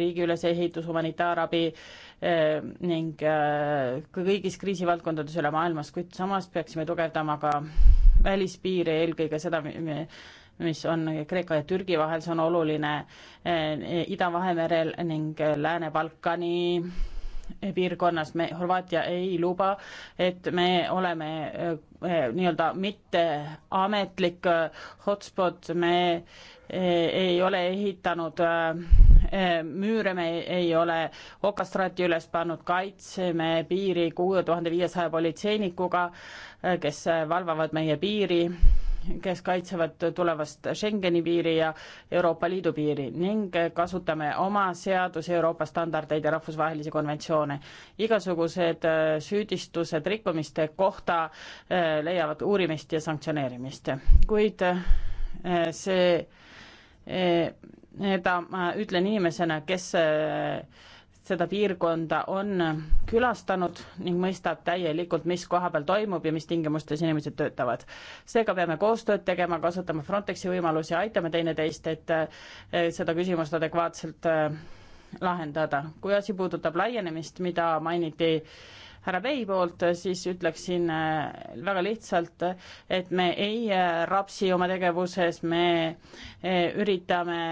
riigiülese ehitus, humanitaarabi eh, ning eh, kõigis kriisivaldkondades üle maailmas, kuid samas peaksime tugevdama ka välispiiri, eelkõige seda, mis on Kreeka ja Türgi vahel, see on oluline eh, Ida-Vahemerel ning Lääne-Balkani piirkonnas, me, Horvaatia ei luba, et me oleme eh, eh, nii-öelda mitteametlik eh, hotspot, me ei ole ehitanud müüre, me ei ole okastraati üles pannud, kaitseme piiri kuue tuhande viiesaja politseinikuga, kes valvavad meie piiri kes kaitsevad tulevast Schengeni piiri ja Euroopa Liidu piiri ning kasutame oma seadusi, Euroopa standardeid ja rahvusvahelisi konventsioone. igasugused äh, süüdistused rikkumiste kohta äh, leiavad uurimist ja sanktsioneerimist, kuid äh, see, seda ma ütlen inimesena, kes seda piirkonda on külastanud ning mõistab täielikult, mis koha peal toimub ja mis tingimustes inimesed töötavad. seega peame koostööd tegema, kasutama Frontexi võimalusi, aitame teineteist, et eh, seda küsimust adekvaatselt eh, lahendada. kui asi puudutab laienemist, mida mainiti härra Vei poolt, siis ütleksin eh, väga lihtsalt, et me ei rapsi oma tegevuses, me üritame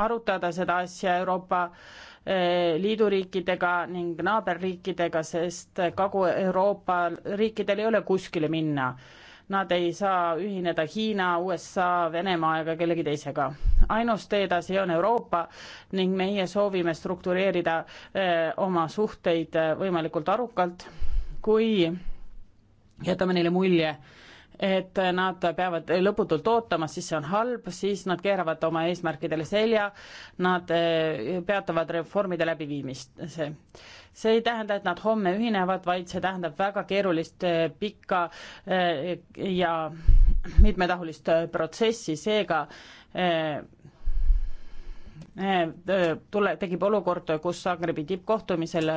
arutada seda asja Euroopa Eh, liiduriikidega ning naaberriikidega, sest Kagu-Euroopa riikidel ei ole kuskile minna. Nad ei saa ühineda Hiina, USA, Venemaa ega kellegi teisega. ainus tee edasi on Euroopa ning meie soovime struktureerida eh, oma suhteid eh, võimalikult arukalt, kui jätame neile mulje, et nad peavad lõputult ootama, siis see on halb, siis nad keeravad oma eesmärkidele selja, nad eh, peatavad reformide läbiviimist. see, see ei tähenda, et nad homme ühinevad, vaid see tähendab väga keerulist, eh, pikka eh, ja mitmetahulist protsessi, seega tule, tekib olukord, kus Zagrebi tippkohtumisel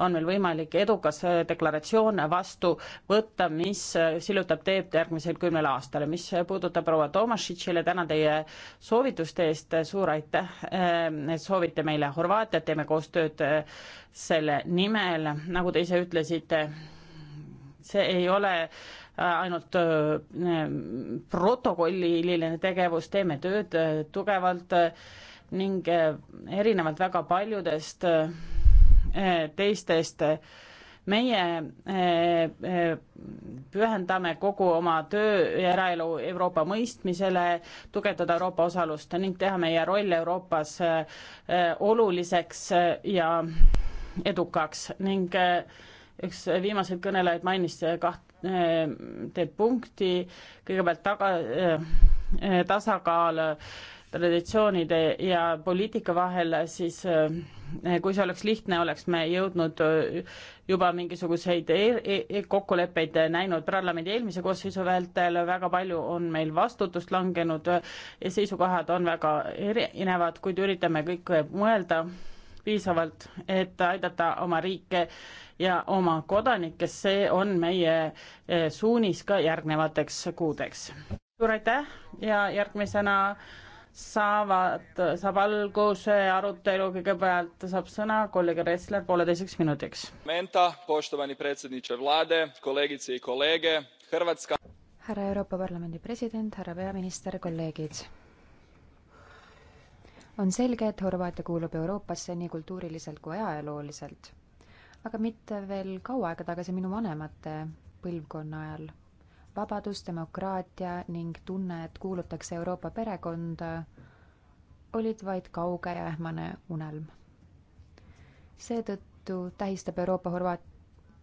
on meil võimalik edukas deklaratsioon vastu võtta, mis sillutab teed järgmisel kümnel aastal. mis puudutab proua Tomašitšile, tänan teie soovituste eest, suur aitäh, et soovite meile Horvaatiat, teeme koostööd selle nimel, nagu te ise ütlesite, see ei ole ainult ehm, protokolliline tegevus, teeme tööd tugevalt ning ehm, erinevalt väga paljudest Äh, teistest. meie äh, äh, pühendame kogu oma töö ja eraelu Euroopa mõistmisele, tugevdada Euroopa osalust ning teha meie roll Euroopas oluliseks ja edukaks ning üks viimaseid kõnelejaid mainis kahte punkti, kõigepealt taga, tasakaal traditsioonide ja poliitika vahel, siis eh, kui see oleks lihtne, oleks me jõudnud eh, juba mingisuguseid e-, e e kokkuleppeid näinud parlamendi eelmise koosseisu vältel, väga palju on meil vastutust langenud, seisukohad on väga erinevad, kuid üritame kõik mõelda piisavalt, et aidata oma riike ja oma kodanikke, see on meie eh, suunis ka järgnevateks kuudeks. suur aitäh ja järgmisena saavad, saab alguse arutelu, kõigepealt saab sõna kolleeg Ressler pooleteiseks minutiks. härra Euroopa Parlamendi president, härra peaminister, kolleegid. on selge, et Horvaatia kuulub Euroopasse nii kultuuriliselt kui ajalooliselt. aga mitte veel kaua aega tagasi minu vanemate põlvkonna ajal vabadus, demokraatia ning tunne, et kuulutakse Euroopa perekonda, olid vaid kauge ja ähmane unelm. seetõttu tähistab Euroopa Horvaat-,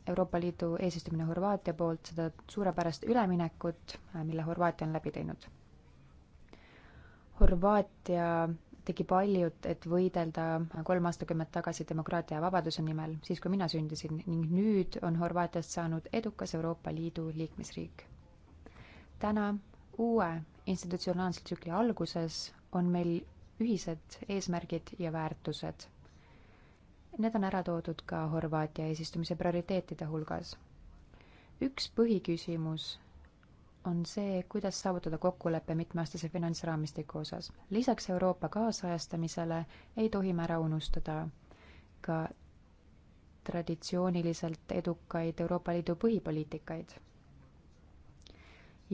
Euroopa Liidu eesistumine Horvaatia poolt seda suurepärast üleminekut, mille Horvaatia on läbi teinud. Horvaatia tegi paljut, et võidelda kolm aastakümmet tagasi demokraatia ja vabaduse nimel, siis kui mina sündisin, ning nüüd on Horvaatiast saanud edukas Euroopa Liidu liikmesriik täna uue institutsionaalse tsükli alguses on meil ühised eesmärgid ja väärtused. Need on ära toodud ka Horvaatia eesistumise prioriteetide hulgas. üks põhiküsimus on see, kuidas saavutada kokkulepe mitmeaastase finantsraamistiku osas. lisaks Euroopa kaasajastamisele ei tohi me ära unustada ka traditsiooniliselt edukaid Euroopa Liidu põhipoliitikaid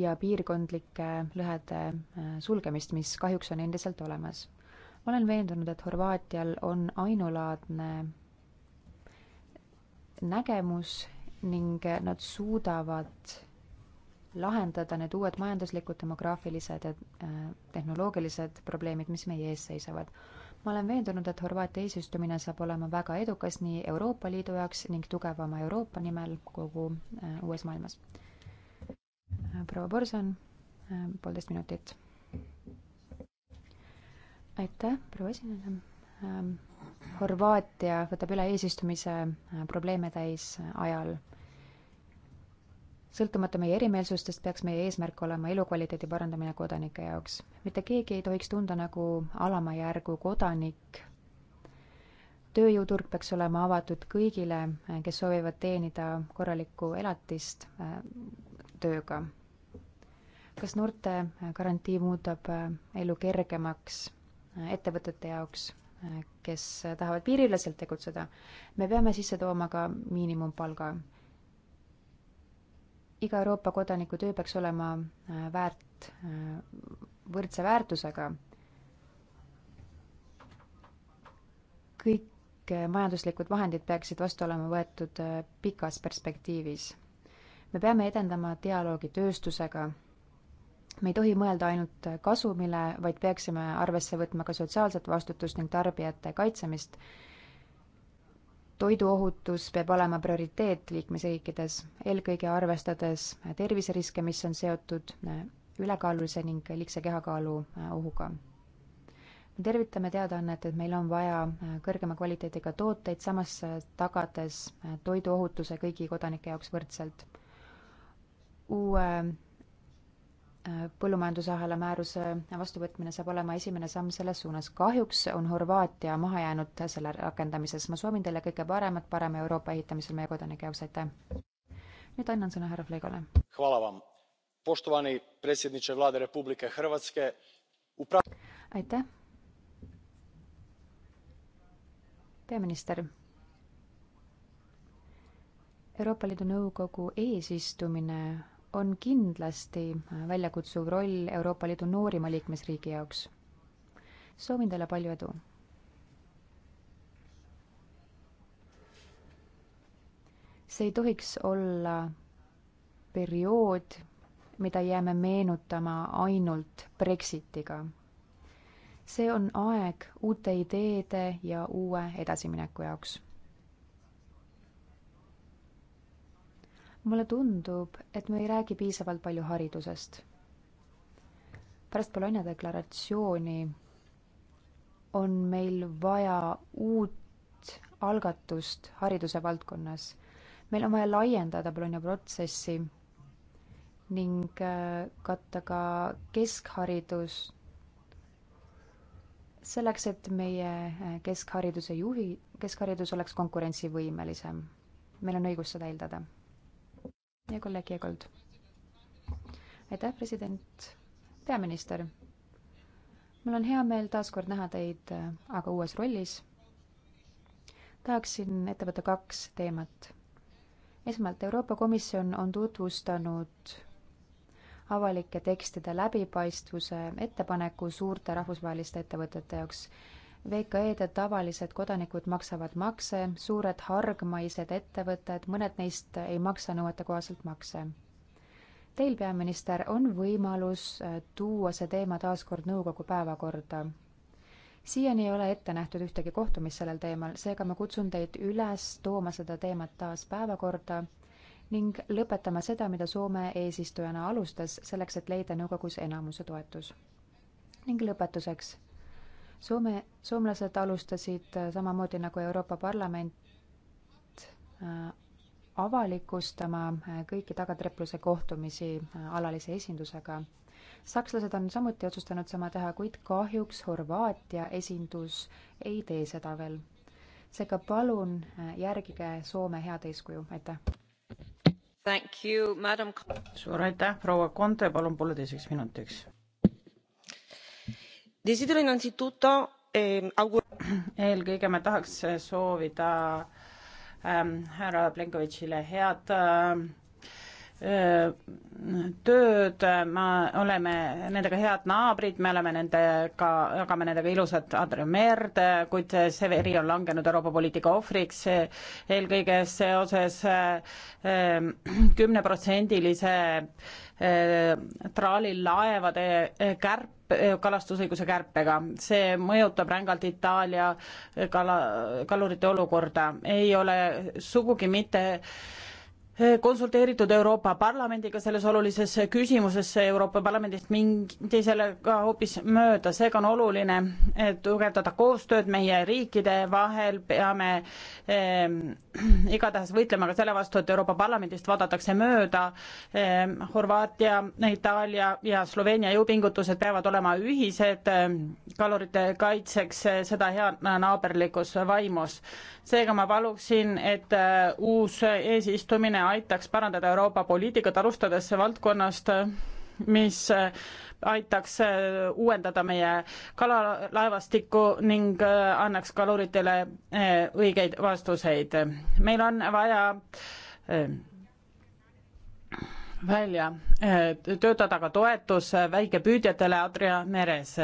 ja piirkondlike lõhede äh, sulgemist, mis kahjuks on endiselt olemas. ma olen veendunud, et Horvaatial on ainulaadne nägemus ning nad suudavad lahendada need uued majanduslikud, demograafilised ja äh, tehnoloogilised probleemid, mis meie ees seisavad. ma olen veendunud, et Horvaatia eesistumine saab olema väga edukas nii Euroopa Liidu jaoks ning tugevama Euroopa nimel kogu äh, uues maailmas proua Borson, äh, poolteist minutit. aitäh, proua esineja. Ähm, Horvaatia võtab üle eesistumise äh, probleeme täis äh, ajal. sõltumata meie erimeelsustest, peaks meie eesmärk olema elukvaliteedi parandamine kodanike jaoks. mitte keegi ei tohiks tunda nagu alama järgu kodanik tööjõuturg peaks olema avatud kõigile, kes soovivad teenida korralikku elatist tööga kas noorte garantii muudab äh, elu kergemaks äh, ettevõtete jaoks, äh, kes tahavad piiriüleselt tegutseda? me peame sisse tooma ka miinimumpalga. iga Euroopa kodaniku töö peaks olema väärt, võrdse väärtusega. kõik majanduslikud vahendid peaksid vastu olema võetud pikas perspektiivis. me peame edendama dialoogi tööstusega me ei tohi mõelda ainult kasumile, vaid peaksime arvesse võtma ka sotsiaalset vastutust ning tarbijate kaitsemist. toiduohutus peab olema prioriteet liikmesriikides, eelkõige arvestades terviseriske, mis on seotud ülekaalulise ning liigse kehakaalu ohuga. me tervitame teadaannet, et meil on vaja kõrgema kvaliteediga tooteid, samas tagades toiduohutuse kõigi kodanike jaoks võrdselt. uue põllumajandusahela määruse vastuvõtmine saab olema esimene samm selles suunas. kahjuks on Horvaatia maha jäänud selle rakendamises. ma soovin teile kõike paremat, parema Euroopa ehitamisel meie kodanike jaoks, aitäh! nüüd annan sõna härra Fleigole. aitäh! peaminister Euroopa Liidu Nõukogu eesistumine on kindlasti väljakutsuv roll Euroopa Liidu noorima liikmesriigi jaoks. soovin teile palju edu! see ei tohiks olla periood, mida jääme meenutama ainult Brexitiga. see on aeg uute ideede ja uue edasimineku jaoks mulle tundub, et me ei räägi piisavalt palju haridusest. pärast Bologna deklaratsiooni on meil vaja uut algatust hariduse valdkonnas. meil on vaja laiendada Bologna protsessi ning äh, katta ka keskharidus, selleks, et meie äh, keskhariduse juhi, keskharidus oleks konkurentsivõimelisem. meil on õigus seda eeldada ja kolleeg Jeegold. aitäh, president, peaminister. mul on hea meel taas kord näha teid, äh, aga uues rollis. tahaksin ette võtta kaks teemat. esmalt, Euroopa Komisjon on tutvustanud avalike tekstide läbipaistvuse ettepaneku suurte rahvusvaheliste ettevõtete jaoks VKE-d ja tavalised kodanikud maksavad makse, suured hargmaised ettevõtted, mõned neist ei maksa nõuetekohaselt makse. Teil, peaminister, on võimalus äh, tuua see teema taas kord nõukogu päevakorda. siiani ei ole ette nähtud ühtegi kohtumist sellel teemal, seega ma kutsun teid üles tooma seda teemat taas päevakorda ning lõpetama seda, mida Soome eesistujana alustas, selleks et leida nõukogus enamuse toetus. ning lõpetuseks Soome, soomlased alustasid äh, samamoodi nagu Euroopa Parlament äh, avalikustama äh, kõiki tagatrepluse kohtumisi alalise esindusega. sakslased on samuti otsustanud sama teha, kuid kahjuks Horvaatia esindus ei tee seda veel. seega palun järgige Soome head eeskuju, aitäh! suur aitäh, proua Konte, palun pooleteiseks minutiks Ehm, eelkõige ma tahaks äh, soovida ähm, härra Plenkovitšile head ähm, äh, tööd, ma, oleme nendega head naabrid, me oleme nendega, jagame nendega ilusat Adriamerd, kuid see veri on langenud Euroopa poliitika ohvriks, eelkõige seoses ähm, kümneprotsendilise äh, traalilaevade äh, kärpega, kärp, kalastusõiguse kärpega. see mõjutab rängalt Itaalia kala, kalurite olukorda. ei ole sugugi mitte Eh, konsulteeritud Euroopa Parlamendiga selles olulises eh, küsimuses, eh, Euroopa Parlamendist mindi sellega hoopis mööda, seega on oluline tugevdada koostööd meie riikide vahel, peame eh, igatahes võitlema ka selle vastu, et Euroopa Parlamendist vaadatakse mööda eh,, Horvaatia, Itaalia ja Sloveenia jõupingutused peavad olema ühised eh, kalurite kaitseks, seda hea naaberlikus vaimus. seega ma paluksin, et uus eesistumine aitaks parandada Euroopa poliitikat, alustades valdkonnast, mis aitaks uuendada meie kalalaevastikku ning annaks kaluritele õigeid vastuseid. meil on vaja eh, välja töötada ka toetus väikepüüdjatele Adria meres.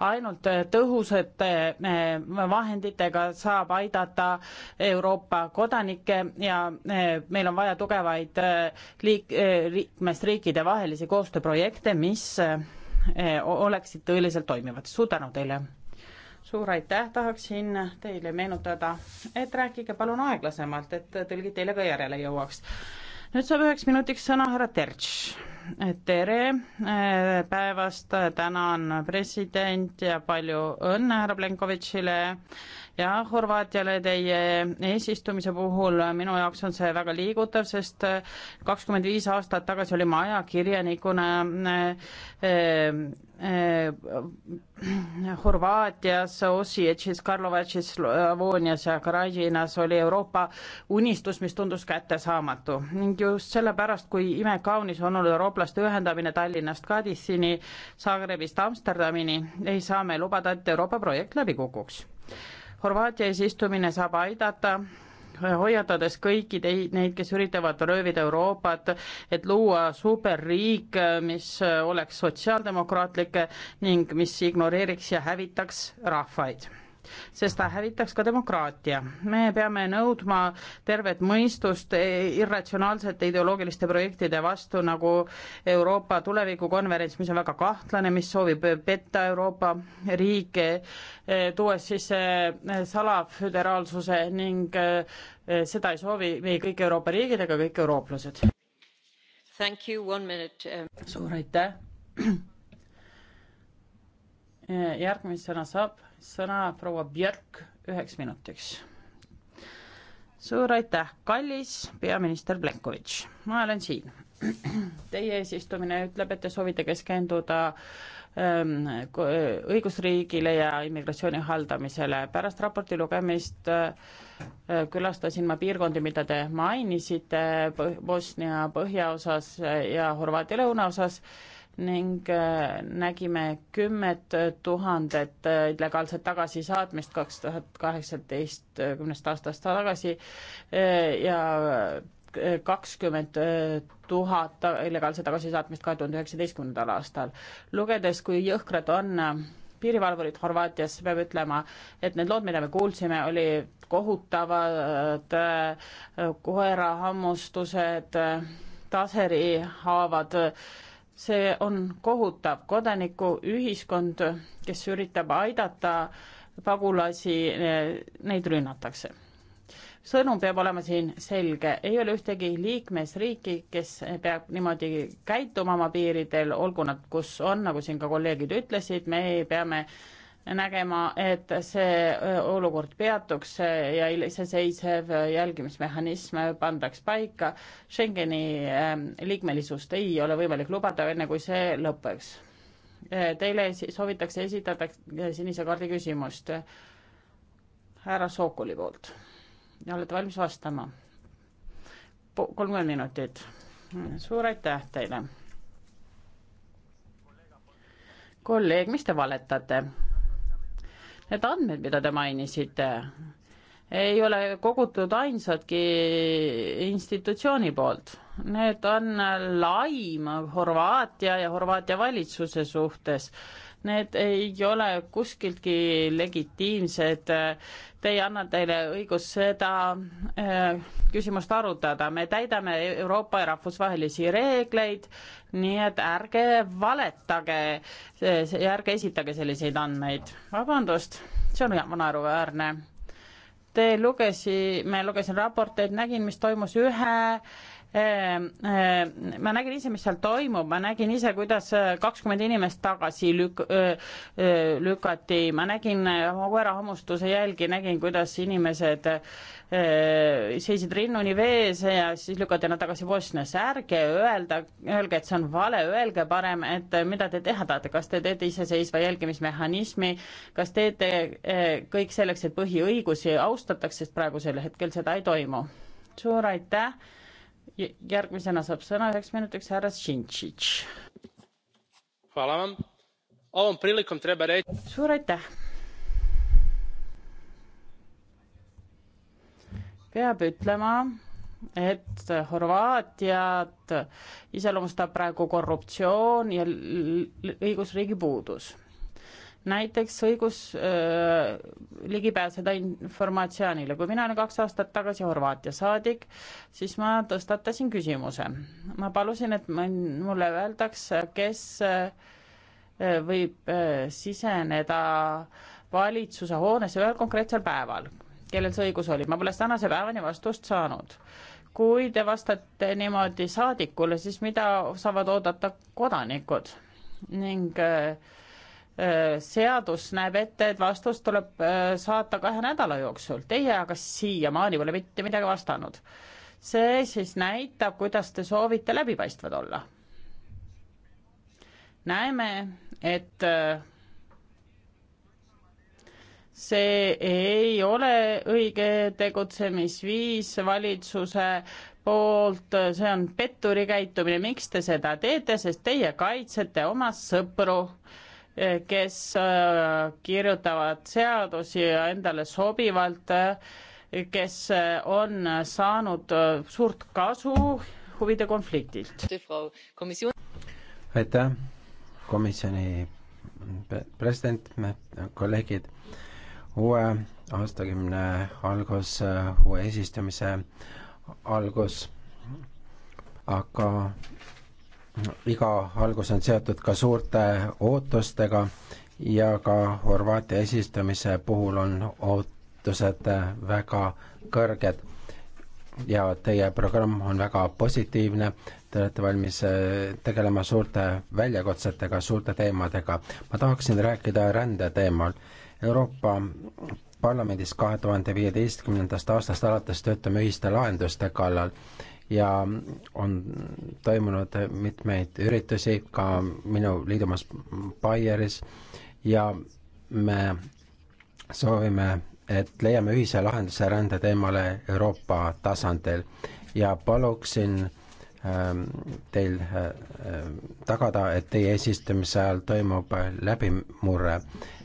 ainult tõhusate eh, vahenditega saab aidata Euroopa kodanikke ja eh, meil on vaja tugevaid eh, liik-, liikmesriikide vahelisi koostööprojekte, mis oleksid tõeliselt toimivad. suur tänu teile! suur aitäh, tahaksin teile meenutada, et rääkige palun aeglasemalt, et tõlgid teile ka järele jõuaks nüüd saab üheks minutiks sõna härra Terts. tere eh, päevast, tänan president ja palju õnne härra Plenkovitšile ja Horvaatiale teie eesistumise puhul minu jaoks on see väga liigutav, sest äh, kakskümmend viis aastat tagasi olin ma ajakirjanikuna eh, eh, Horvaatias, Osijekis, Karlovatšis, Slavoonias ja Karažinas oli Euroopa unistus, mis tundus kättesaamatu ning just sellepärast, kui imekaunis on olnud eurooplaste ühendamine Tallinnast Kadissini, Zagrebist Amsterdamini, ei saa me lubada, et Euroopa projekt läbi kukuks Horvaatia eesistumine saab aidata äh, hoiatades kõiki teid, neid, kes üritavad röövida Euroopat, et luua superriik, äh, mis äh, oleks sotsiaaldemokraatlik ning mis ignoreeriks ja hävitaks rahvaid sest hävitaks ka demokraatia. me peame nõudma tervet mõistust e, irratsionaalsete ideoloogiliste projektide vastu, nagu Euroopa tulevikukonverents, mis on väga kahtlane, mis soovib petta Euroopa riike, e, tuues sisse e, salaföderaalsuse ning seda ei soovi meie kõik Euroopa riigid ega kõik eurooplased. Um. suur aitäh järgmisena saab sõna proua Björk üheks minutiks. suur aitäh, kallis peaminister Plenkovitš, ma olen siin. Teie eesistumine ütleb, et te soovite keskenduda ähm, õigusriigile ja immigratsiooni haldamisele. pärast raporti lugemist äh, külastasin ma piirkondi, mida te mainisite, Bosnia põhjaosas ja Horvaatia lõunaosas ning äh, nägime kümmet tuhandet äh, illegaalset tagasisaatmist kaks tuhat kaheksateist, äh, kümnest aastast tagasi ja kakskümmend tuhat illegaalse tagasisaatmist kahe tuhande üheksateistkümnendal aastal. lugedes, kui jõhkrad on piirivalvurid Horvaatias, peab ütlema, et need lood, mida me kuulsime, oli kohutavad koerahammustused, taserihaavad äh,, see on kohutav kodanikuühiskond, kes üritab aidata pagulasi, neid rünnatakse. sõnum peab olema siin selge, ei ole ühtegi liikmesriiki, kes peab niimoodi käituma oma piiridel, olgu nad kus on, nagu siin ka kolleegid ütlesid, me peame äh, nägema, et see olukord peatuks äh, ja iseseisev äh, jälgimismehhanism äh, pandaks paika. Schengeni ähm, liikmelisust ei ole võimalik lubada, enne kui see lõpeks. Teile soovitakse esitada sinise kaardi küsimust härra Sookoli poolt. olete valmis vastama? kolmkümmend minutit. suur aitäh teile. kolleeg, mis te valetate? Need andmed, mida te mainisite, ei ole kogutud ainsatki institutsiooni poolt. Need on laim Horvaatia ja Horvaatia valitsuse suhtes need ei ole kuskiltki legitiimsed. Te ei anna teile õigust seda äh, küsimust arutada, me täidame Euroopa ja rahvusvahelisi reegleid, nii et ärge valetage ja ärge esitage selliseid andmeid. vabandust, see on naeruväärne. Te lugesi, ma lugesin raporteid, nägin, mis toimus ühe Ehm, ehm, ma nägin ise, mis seal toimub, ma nägin ise, kuidas äh, kakskümmend inimest tagasi lük-, äh, äh, lükati, ma nägin koera hammustuse jälgi, nägin, kuidas inimesed seisid rinnuni vees ja siis lükati nad tagasi Bosniasse. ärge öelda, öelge, et see on vale, öelge parem, et mida te teha tahate, kas te teete iseseisva jälgimismehhanismi, kas teete kõik selleks, et põhiõigusi austataks, sest praegusel hetkel seda ei toimu. suur aitäh järgmisena saab sõna üheks minutiks härra Šintšitš. suur aitäh. peab ütlema, et Horvaatiat iseloomustab praegu korruptsioon ja õigusriigi puudus näiteks õigus öö, ligi pääseda informatsioonile. kui mina olin kaks aastat tagasi Horvaatia saadik, siis ma tõstatasin küsimuse. ma palusin, et mulle öeldaks, kes öö, võib öö, siseneda valitsuse hoonesse ühel konkreetsel päeval, kellel see õigus oli. ma pole tänase päevani vastust saanud kui te vastate niimoodi saadikule, siis mida saavad oodata kodanikud ning äh, Äh, seadus näeb ette, et vastus tuleb äh, saata kahe nädala jooksul, teie aga siiamaani pole mitte midagi vastanud. see siis näitab, kuidas te soovite läbipaistvad olla. näeme, et äh, see ei ole õige tegutsemisviis valitsuse poolt, see on petturi käitumine, miks te seda teete, sest teie kaitsete oma sõpru äh, kes äh, kirjutavad seadusi endale sobivalt, äh, kes äh, on saanud suurt kasu huvide konfliktilt. aitäh, komisjoni president, kolleegid. uue aastakümne algus, uue eesistumise algus, aga iga algus on seotud ka suurte ootustega ja ka Horvaatia esistamise puhul on ootused väga kõrged. ja teie programm on väga positiivne, te olete valmis eh, tegelema suurte väljakutsetega, suurte teemadega. ma tahaksin rääkida rände teemal. Euroopa Parlamendis kahe tuhande viieteistkümnendast aastast alates töötame ühiste lahenduste kallal ja on toimunud mitmeid üritusi ka minu liidumaas Baieris ja me soovime, et leiame ühise lahenduse rändeteemale Euroopa tasandil ja paluksin ähm, teil äh, tagada, et teie eesistumise ajal toimub läbimurre,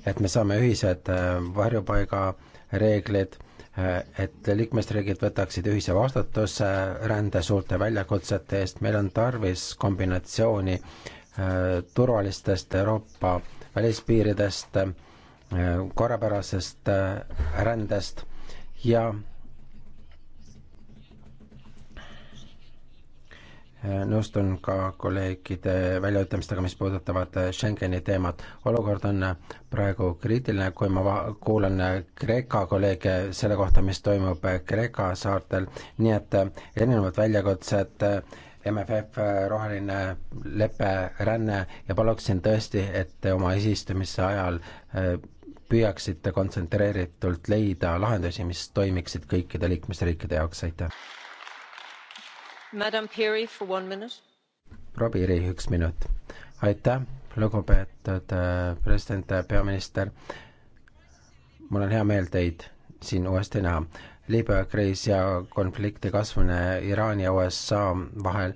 et me saame ühised äh, varjupaiga reeglid, äh, et liikmesriigid võtaksid ühise vastutuse rände suurte väljakutsete eest, meil on tarvis kombinatsiooni äh, turvalistest Euroopa välispiiridest, äh, korrapärasest rändest ja Äh, nõustun ka kolleegide väljaütlemistega, mis puudutavad äh, Schengeni teemat. olukord on äh, praegu kriitiline, kui ma va-, kuulan Kreeka kolleege selle kohta, mis toimub Kreeka saartel, nii et erinevad väljakutsed, MFF, roheline lepe, ränne ja paluksin tõesti, et te oma eesistumise ajal püüaksite kontsentreeritult leida lahendusi, mis toimiksid kõikide liikmesriikide jaoks, aitäh! proua Piiri, üks minut. aitäh, lugupeetud äh, president, peaminister. mul on hea meel teid siin uuesti näha. Liibüa kriis ja konflikti kasvamine Iraani ja USA vahel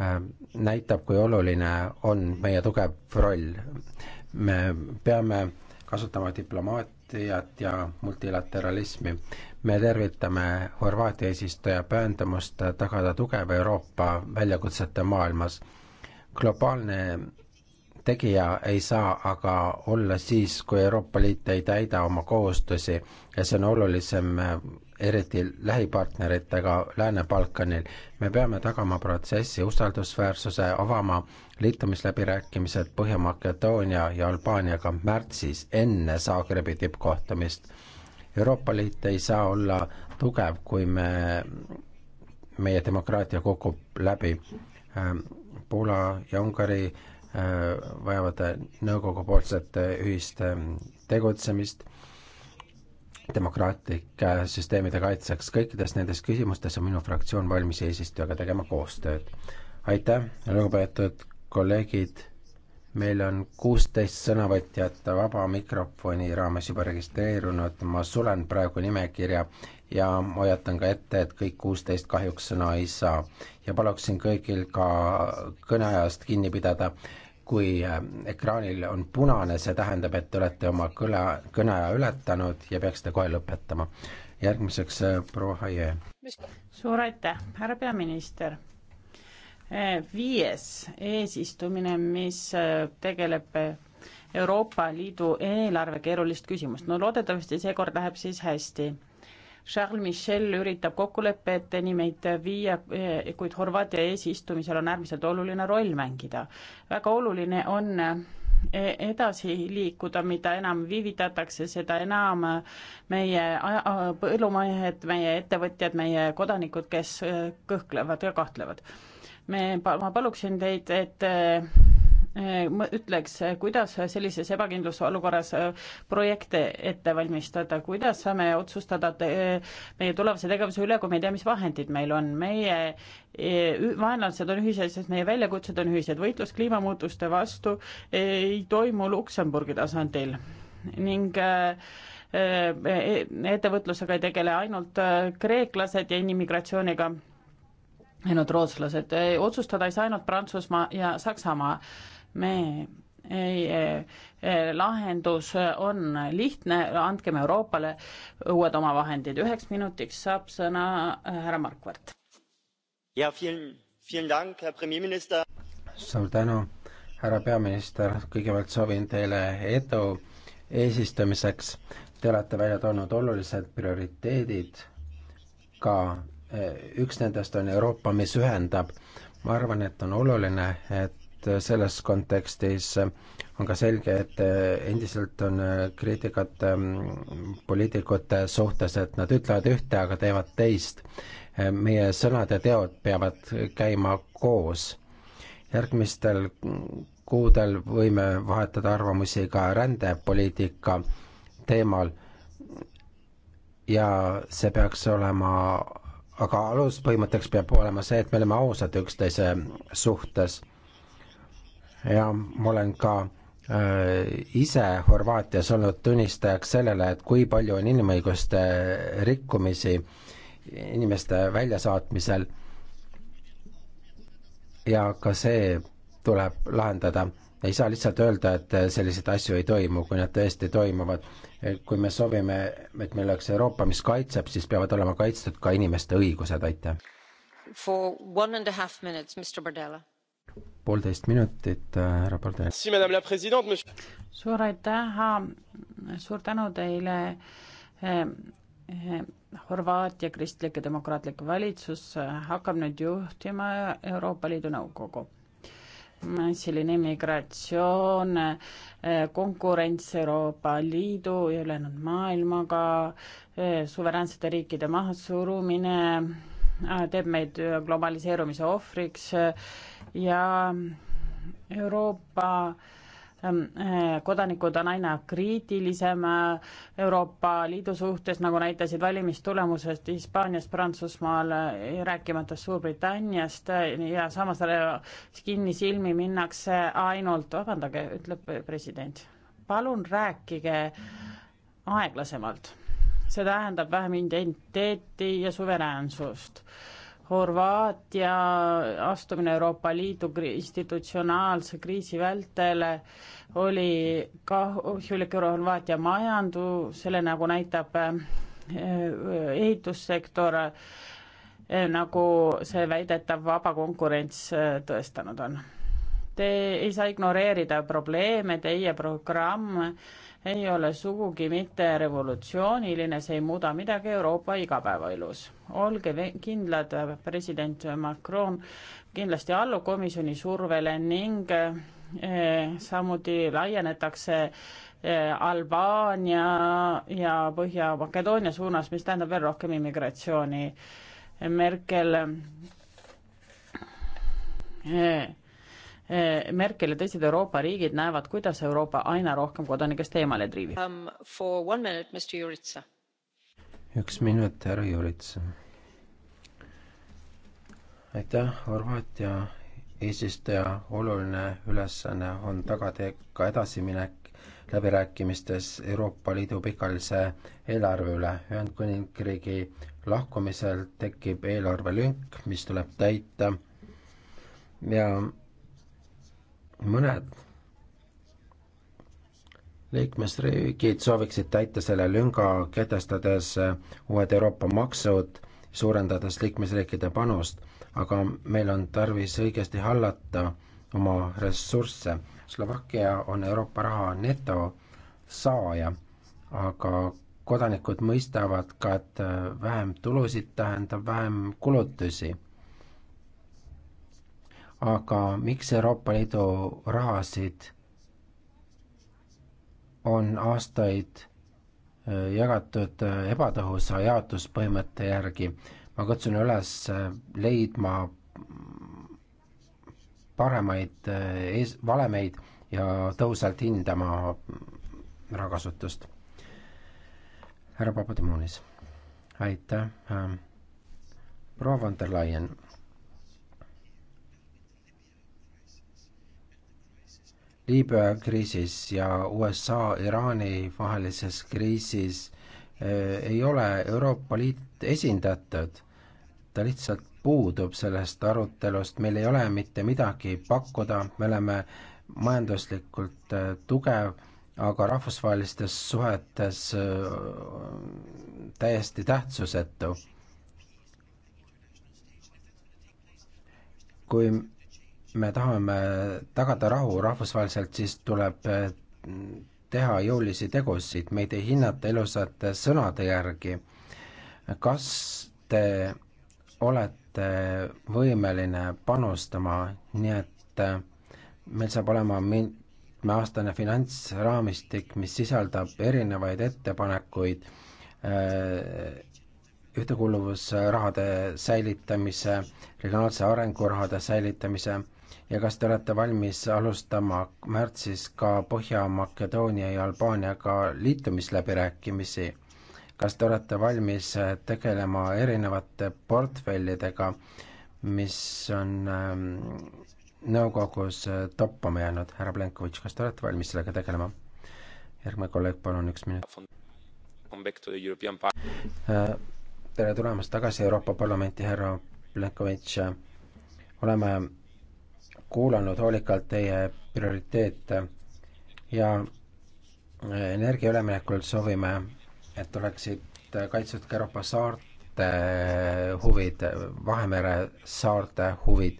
äh, näitab, kui oluline on meie tugev roll. me peame kasutama diplomaatiat ja multilateralismi me tervitame Horvaatia eesistuja pühendumust tagada tugev Euroopa väljakutsete maailmas. globaalne tegija ei saa aga olla siis, kui Euroopa Liit ei täida oma kohustusi ja see on olulisem eriti lähipartneritega Lääne-Balkanil. me peame tagama protsessi usaldusväärsuse, avama liitumisläbirääkimised Põhja-Makedoonia ja Albaaniaga märtsis enne Zagrebi tippkohtumist Euroopa Liit ei saa olla tugev, kui me, meie demokraatia kukub läbi. Ähm, Poola ja Ungari äh, vajavad nõukogu poolset äh, ühist ähm, tegutsemist demokraatlike süsteemide kaitseks. kõikides nendes küsimustes on minu fraktsioon valmis eesistujaga tegema koostööd. aitäh, lugupeetud kolleegid meil on kuusteist sõnavõtjat vaba mikrofoni raames juba registreerunud, ma sulen praegu nimekirja ja hoiatan ka ette, et kõik kuusteist kahjuks sõna ei saa. ja paluksin kõigil ka kõneajast kinni pidada, kui äh, ekraanil on punane, see tähendab, et te olete oma kõne, kõneaja ületanud ja peaksite kohe lõpetama. järgmiseks äh, proua Haie. suur aitäh, härra peaminister viies eesistumine, mis äh, tegeleb Euroopa Liidu eelarve keerulist küsimust. no loodetavasti seekord läheb siis hästi. Charles Michel üritab kokkulepeteni meid viia, äh, kuid Horvaatia eesistumisel on äärmiselt oluline roll mängida. väga oluline on äh, edasi liikuda, mida enam viivitatakse, seda enam meie põllumehed, meie ettevõtjad, meie kodanikud, kes kõhklevad ja kahtlevad me, ma paluksin teid, et äh, äh, ütleks, kuidas sellises ebakindluse olukorras äh, projekte ette valmistada, kuidas saame otsustada meie tulevase tegevuse üle, kui me ei tea, mis vahendid meil on, meie vaenlased on ühised, sest meie väljakutsed on ühised, võitlus kliimamuutuste vastu ei toimu Luksemburgi tasandil ning ettevõtlusega ei tegele ainult kreeklased ja immigratsiooniga ainult rootslased, otsustada ei saa ainult Prantsusmaa ja Saksamaa. me ei, ei, lahendus on lihtne, andkem Euroopale uued omavahendid. üheks minutiks saab sõna äh, härra Markvart. ja, suur tänu, härra peaminister, kõigepealt soovin teile edu eesistumiseks. Te olete välja toonud olulised prioriteedid ka Eh, üks nendest on Euroopa, mis ühendab. ma arvan, et on oluline, et selles kontekstis on ka selge, et eh, endiselt on eh, kriitikat poliitikute suhtes, et nad ütlevad ühte, aga teevad teist. meie sõnad ja teod peavad käima koos. järgmistel kuudel võime vahetada arvamusi ka rändepoliitika teemal ja see peaks olema aga aluspõhimõtteks peab olema see, et me oleme ausad üksteise suhtes. ja ma olen ka äh, ise Horvaatias olnud tunnistajaks sellele, et kui palju on inimõiguste rikkumisi inimeste väljasaatmisel ja ka see tuleb lahendada. ei saa lihtsalt öelda, et selliseid asju ei toimu, kui nad tõesti toimuvad kui me soovime, et meil oleks Euroopa, mis kaitseb, siis peavad olema kaitstud ka inimeste õigused, aitäh. poolteist minutit, äh, härra Bordel. suur aitäh, suur tänu teile eh,. Eh, Horvaatia kristlik ja demokraatlik valitsus hakkab nüüd juhtima Euroopa Liidu Nõukogu massiline immigratsioon, eh, konkurents Euroopa Liidu ja ülejäänud maailmaga, eh, suveräänsete riikide mahasurumine eh, teeb meid globaliseerumise ohvriks ja Euroopa Ähm, äh, kodanikud on aina kriitilisem äh, Euroopa Liidu suhtes, nagu näitasid valimistulemused Hispaanias, Prantsusmaal, äh, rääkimata Suurbritanniast ja samas kinni silmi minnakse ainult, vabandage, ütleb president, palun rääkige aeglasemalt. see tähendab vähem identiteeti ja suveräänsust Horvaatia astumine Euroopa Liidu institutsionaalse kriisi vältele oli kahjulik Horvaatia majandusele, nagu näitab eh, ehitussektor, eh, nagu see väidetav vaba konkurents eh, tõestanud on. Te ei saa ignoreerida probleeme, teie programm ei ole sugugi mitte revolutsiooniline, see ei muuda midagi Euroopa igapäevaelus. olge kindlad, president Macron kindlasti allub komisjoni survele ning eh, samuti laienetakse eh, Albaania ja Põhja-Makedoonia suunas, mis tähendab veel rohkem immigratsiooni. Merkel eh, Eh, Merkel ja teised Euroopa riigid näevad, kuidas Euroopa aina rohkem kodanikest eemale triivib um,. üks minut, härra Juritsa. aitäh, Horvaatia eesistuja oluline ülesanne on tagada ka edasiminek läbirääkimistes Euroopa Liidu pikaajalise eelarve üle. Ühendkuningriigi lahkumisel tekib eelarvelünk, mis tuleb täita ja mõned liikmesriigid sooviksid täita selle lünga, kehtestades uued Euroopa maksud, suurendades liikmesriikide panust, aga meil on tarvis õigesti hallata oma ressursse. Slovakkia on Euroopa raha netosaaja, aga kodanikud mõistavad ka, et vähem tulusid tähendab vähem kulutusi aga miks Euroopa Liidu rahasid on aastaid äh, jagatud äh, ebatõhusa jaotuspõhimõtte järgi. ma kutsun üles äh, leidma paremaid ees, valemeid ja tõhusalt hindama rahakasutust. härra Papadimonis, aitäh. proua von der Leyen Liibüa kriisis ja USA-Iraani vahelises kriisis eh, ei ole Euroopa Liit esindatud. ta lihtsalt puudub sellest arutelust, meil ei ole mitte midagi pakkuda, me oleme majanduslikult eh, tugev, aga rahvusvahelistes suhetes eh, täiesti tähtsusetu. kui me tahame tagada rahu rahvusvaheliselt, siis tuleb eh, teha jõulisi tegusid, meid ei hinnata ilusate sõnade järgi. kas te olete võimeline panustama, nii et eh, meil saab olema mitmeaastane finantsraamistik, mis sisaldab erinevaid ettepanekuid eh, ühtekuuluvusrahade säilitamise, regionaalse arengurahade säilitamise ja kas te olete valmis alustama märtsis ka Põhja-Makedoonia ja Albaaniaga liitumisläbirääkimisi? kas te olete valmis tegelema erinevate portfellidega, mis on ähm, nõukogus äh, toppama jäänud, härra Plenkovitš, kas te olete valmis sellega tegelema? järgmine kolleeg, palun üks minut. Äh, tere tulemast tagasi Euroopa Parlamenti, härra Plenkovitš. oleme kuulanud hoolikalt teie prioriteete ja eh, energiaüleminekul soovime, et oleksid kaitstud ka Euroopa saarte huvid, Vahemere saarte huvid.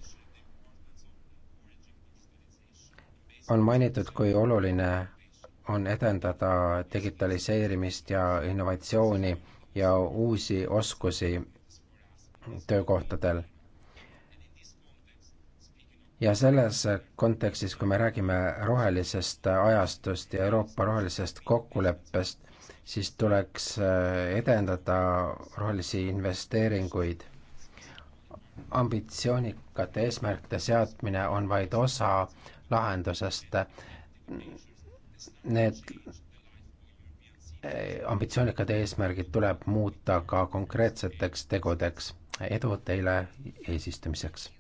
on mainitud, kui oluline on edendada digitaliseerimist ja innovatsiooni ja uusi oskusi töökohtadel ja selles kontekstis, kui me räägime rohelisest ajastust ja Euroopa rohelisest kokkuleppest, siis tuleks äh, edendada rohelisi investeeringuid. ambitsioonikate eesmärkide seadmine on vaid osa lahendusest. Need äh, ambitsioonikad eesmärgid tuleb muuta ka konkreetseteks tegudeks. edu teile eesistumiseks!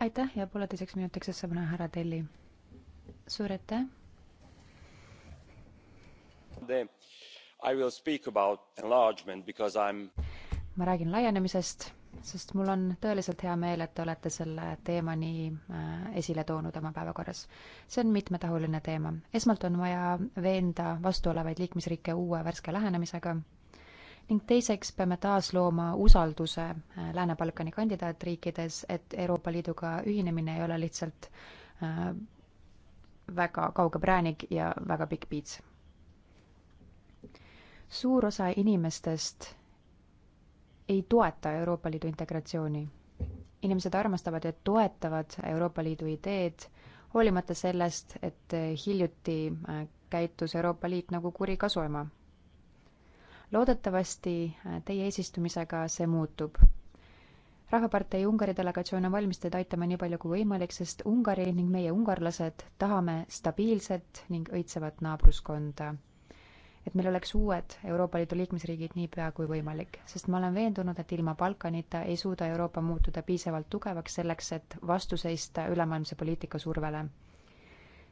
aitäh ja pooleteiseks minutiks saab sõna härra Telli. suur aitäh. I will speak about enlargement because I am ma räägin laienemisest, sest mul on tõeliselt hea meel, et te olete selle teema nii äh, esile toonud oma päevakorras. see on mitmetahuline teema. esmalt on vaja veenda vastuolevaid liikmesriike uue värske lähenemisega ning teiseks peame taaslooma usalduse äh, Lääne-Balkani kandidaatriikides, et Euroopa Liiduga ühinemine ei ole lihtsalt äh, väga kauge präänik ja väga pikk piits. suur osa inimestest ei toeta Euroopa Liidu integratsiooni. inimesed armastavad ja toetavad Euroopa Liidu ideed, hoolimata sellest, et äh, hiljuti käitus Euroopa Liit nagu kuri kasuema loodetavasti äh, teie eesistumisega see muutub. rahvapartei Ungari delegatsioon on valmis teid aitama nii palju kui võimalik, sest Ungari ning meie ungarlased tahame stabiilset ning õitsevat naabruskonda. et meil oleks uued Euroopa Liidu liikmesriigid niipea kui võimalik, sest ma olen veendunud, et ilma Balkanita ei suuda Euroopa muutuda piisavalt tugevaks selleks, et vastu seista ülemaailmse poliitika survele.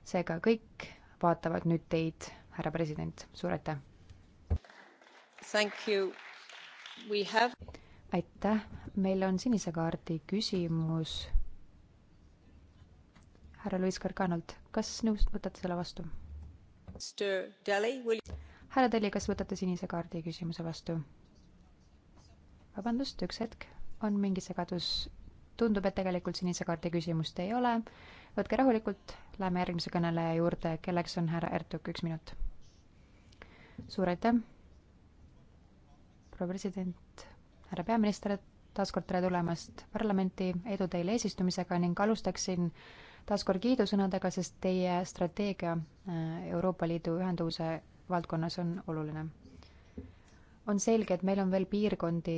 seega kõik vaatavad nüüd teid, härra president, suur aitäh! Have... aitäh, meil on sinise kaardi küsimus härra Luis Garganolt, kas nõust võtate selle vastu? härra Deli, kas võtate sinise kaardi küsimuse vastu? vabandust, üks hetk, on mingi segadus. tundub, et tegelikult sinise kaardi küsimust ei ole. võtke rahulikult, lähme järgmise kõneleja juurde, kelleks on härra Ertuk, üks minut. suur aitäh proua president, härra peaminister, taas kord tere tulemast parlamenti, edu teile eesistumisega ning alustaksin taas kord kiidusõnadega, sest teie strateegia äh, Euroopa Liidu ühenduvuse valdkonnas on oluline. on selge, et meil on veel piirkondi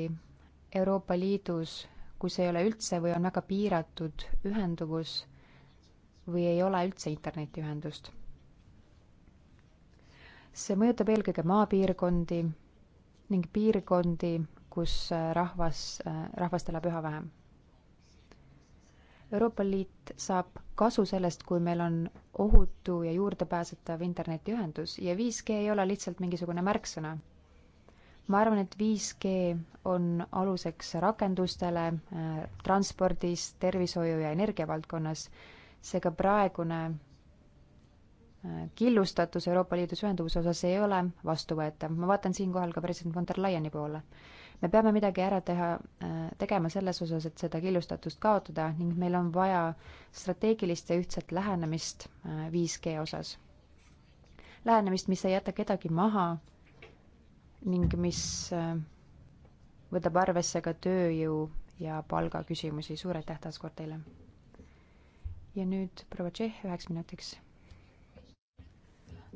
Euroopa Liidus, kus ei ole üldse või on väga piiratud ühenduvus või ei ole üldse internetiühendust. see mõjutab eelkõige maapiirkondi ning piirkondi, kus äh, rahvas, äh, rahvast elab üha vähem. Euroopa Liit saab kasu sellest, kui meil on ohutu ja juurdepääsetav internetiühendus ja 5G ei ole lihtsalt mingisugune märksõna. ma arvan, et 5G on aluseks rakendustele äh, transpordis, tervishoiu ja energiavaldkonnas, seega praegune killustatus Euroopa Liidus ühenduvuse osas ei ole vastuvõetav. ma vaatan siinkohal ka president von der Leyeni poole. me peame midagi ära teha, äh, tegema selles osas, et seda killustatust kaotada ning meil on vaja strateegilist ja ühtset lähenemist 5G äh, osas. lähenemist, mis ei jäta kedagi maha ning mis äh, võtab arvesse ka tööjõu ja palgaküsimusi. suur aitäh taas kord teile! ja nüüd proua Tšehh üheks minutiks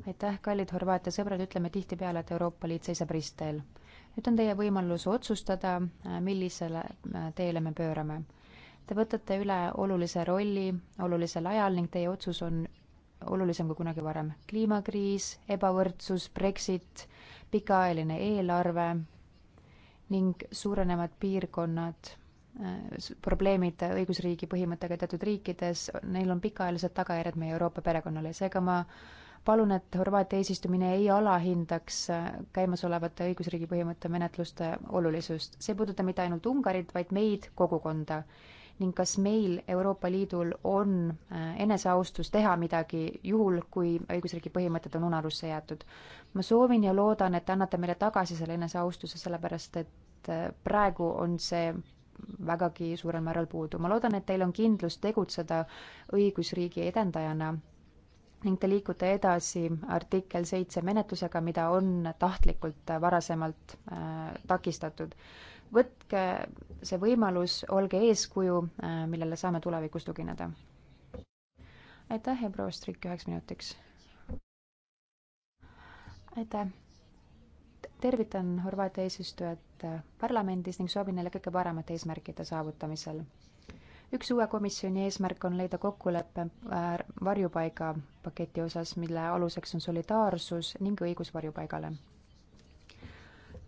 aitäh, kallid Horvaatia sõbrad, ütleme tihtipeale, et Euroopa Liit seisab ristteel. nüüd on teie võimalus otsustada, millisele teele me pöörame. Te võtate üle olulise rolli olulisel ajal ning teie otsus on olulisem kui kunagi varem. kliimakriis, ebavõrdsus, Brexit, pikaajaline eelarve ning suurenevad piirkonnad probleemid õigusriigi põhimõttega teatud riikides, neil on pikaajalised tagajärjed meie Euroopa perekonnale, seega ma palun, et Horvaatia eesistumine ei alahindaks äh, käimasolevate õigusriigi põhimõtte menetluste olulisust. see ei puuduta mitte ainult Ungarit, vaid meid, kogukonda. ning kas meil, Euroopa Liidul, on äh, eneseaustus teha midagi juhul, kui õigusriigi põhimõtted on unarusse jäetud. ma soovin ja loodan, et te annate meile tagasi selle eneseaustuse, sellepärast et äh, praegu on see vägagi suurel määral puudu. ma loodan, et teil on kindlus tegutseda õigusriigi edendajana ning te liigute edasi artikkel seitse menetlusega, mida on tahtlikult varasemalt äh, takistatud. võtke see võimalus, olge eeskuju äh,, millele saame tulevikus tugineda. aitäh ja proua Strik üheks minutiks. aitäh. tervitan Horvaatia eesistujat äh, parlamendis ning soovin neile kõige paremat eesmärkide saavutamisel üks uue komisjoni eesmärk on leida kokkulepe äh, varjupaigapaketi osas, mille aluseks on solidaarsus ning õigus varjupaigale.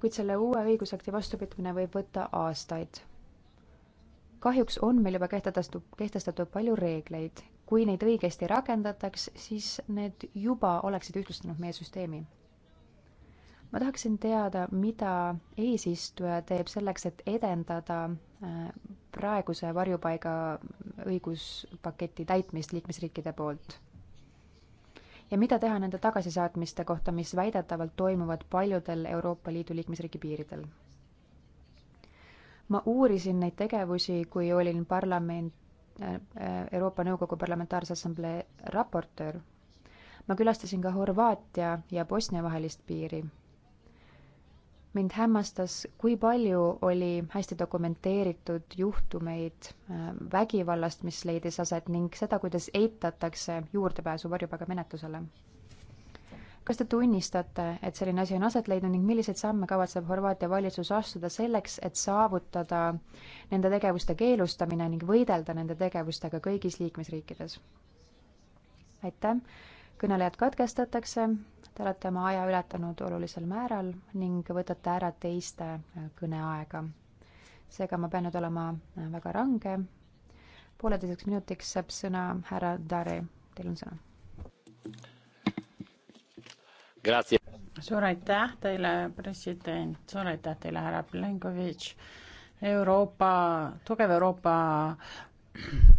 kuid selle uue õigusakti vastuvõtmine võib võtta aastaid. kahjuks on meil juba kehtestatud, kehtestatud palju reegleid. kui neid õigesti rakendataks, siis need juba oleksid ühtlustanud meie süsteemi ma tahaksin teada, mida eesistuja teeb selleks, et edendada äh, praeguse varjupaiga õiguspaketi täitmist liikmesriikide poolt? ja mida teha nende tagasisaatmiste kohta, mis väidetavalt toimuvad paljudel Euroopa Liidu liikmesriigi piiridel? ma uurisin neid tegevusi, kui olin parlament, äh, Euroopa Nõukogu Parlamentaarse Assamblee raportöör. ma külastasin ka Horvaatia ja Bosnia vahelist piiri mind hämmastas, kui palju oli hästi dokumenteeritud juhtumeid äh, vägivallast, mis leidis aset ning seda, kuidas eitatakse juurdepääsu varjupaigamenetlusele. kas te tunnistate, et selline asi on aset leidnud ning milliseid samme kavatseb Horvaatia valitsus astuda selleks, et saavutada nende tegevuste keelustamine ning võidelda nende tegevustega kõigis liikmesriikides? aitäh kõnelejad katkestatakse, te olete oma aja ületanud olulisel määral ning võtate ära teiste äh, kõneaega. seega ma pean nüüd olema äh, väga range. pooleteiseks minutiks saab sõna härra Dare, teil on sõna. suur aitäh teile, president, suur aitäh teile, härra Plenkovitš. Euroopa, tugev Euroopa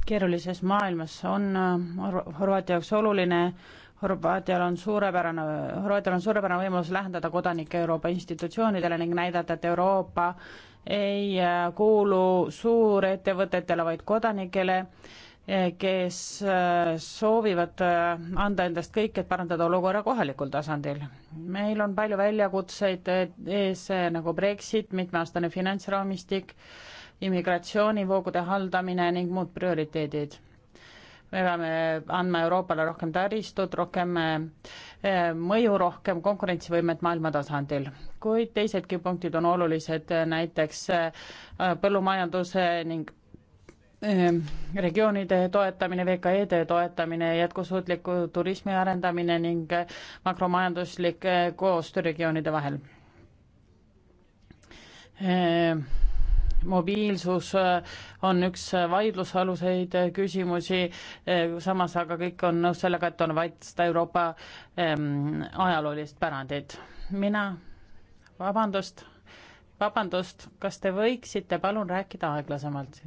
keerulises maailmas on äh, Horvaatia jaoks oluline Horvaatial on suurepärane, Horvaatial on suurepärane võimalus lähendada kodanikke Euroopa institutsioonidele ning näidata, et Euroopa ei äh, kuulu suurettevõtetele, vaid kodanikele, äh, kes äh, soovivad anda endast kõik, et parandada olukorra kohalikul tasandil. meil on palju väljakutseid ees, nagu Brexit, mitmeaastane finantsraamistik, immigratsioonivoogude haldamine ning muud prioriteedid me peame andma Euroopale rohkem taristut, rohkem eh, mõju, rohkem konkurentsivõimet maailma tasandil. kuid teisedki punktid on olulised, eh, näiteks eh, põllumajanduse ning regioonide toetamine, VKE-de toetamine, jätkusuutliku turismi arendamine ning makromajanduslik koostöö regioonide vahel mobiilsus äh, on üks äh, vaidlusaluseid äh, küsimusi, samas aga kõik on nõus sellega, et on vaid seda Euroopa ähm, ajaloolist pärandit. mina, vabandust, vabandust, kas te võiksite palun rääkida aeglasemalt?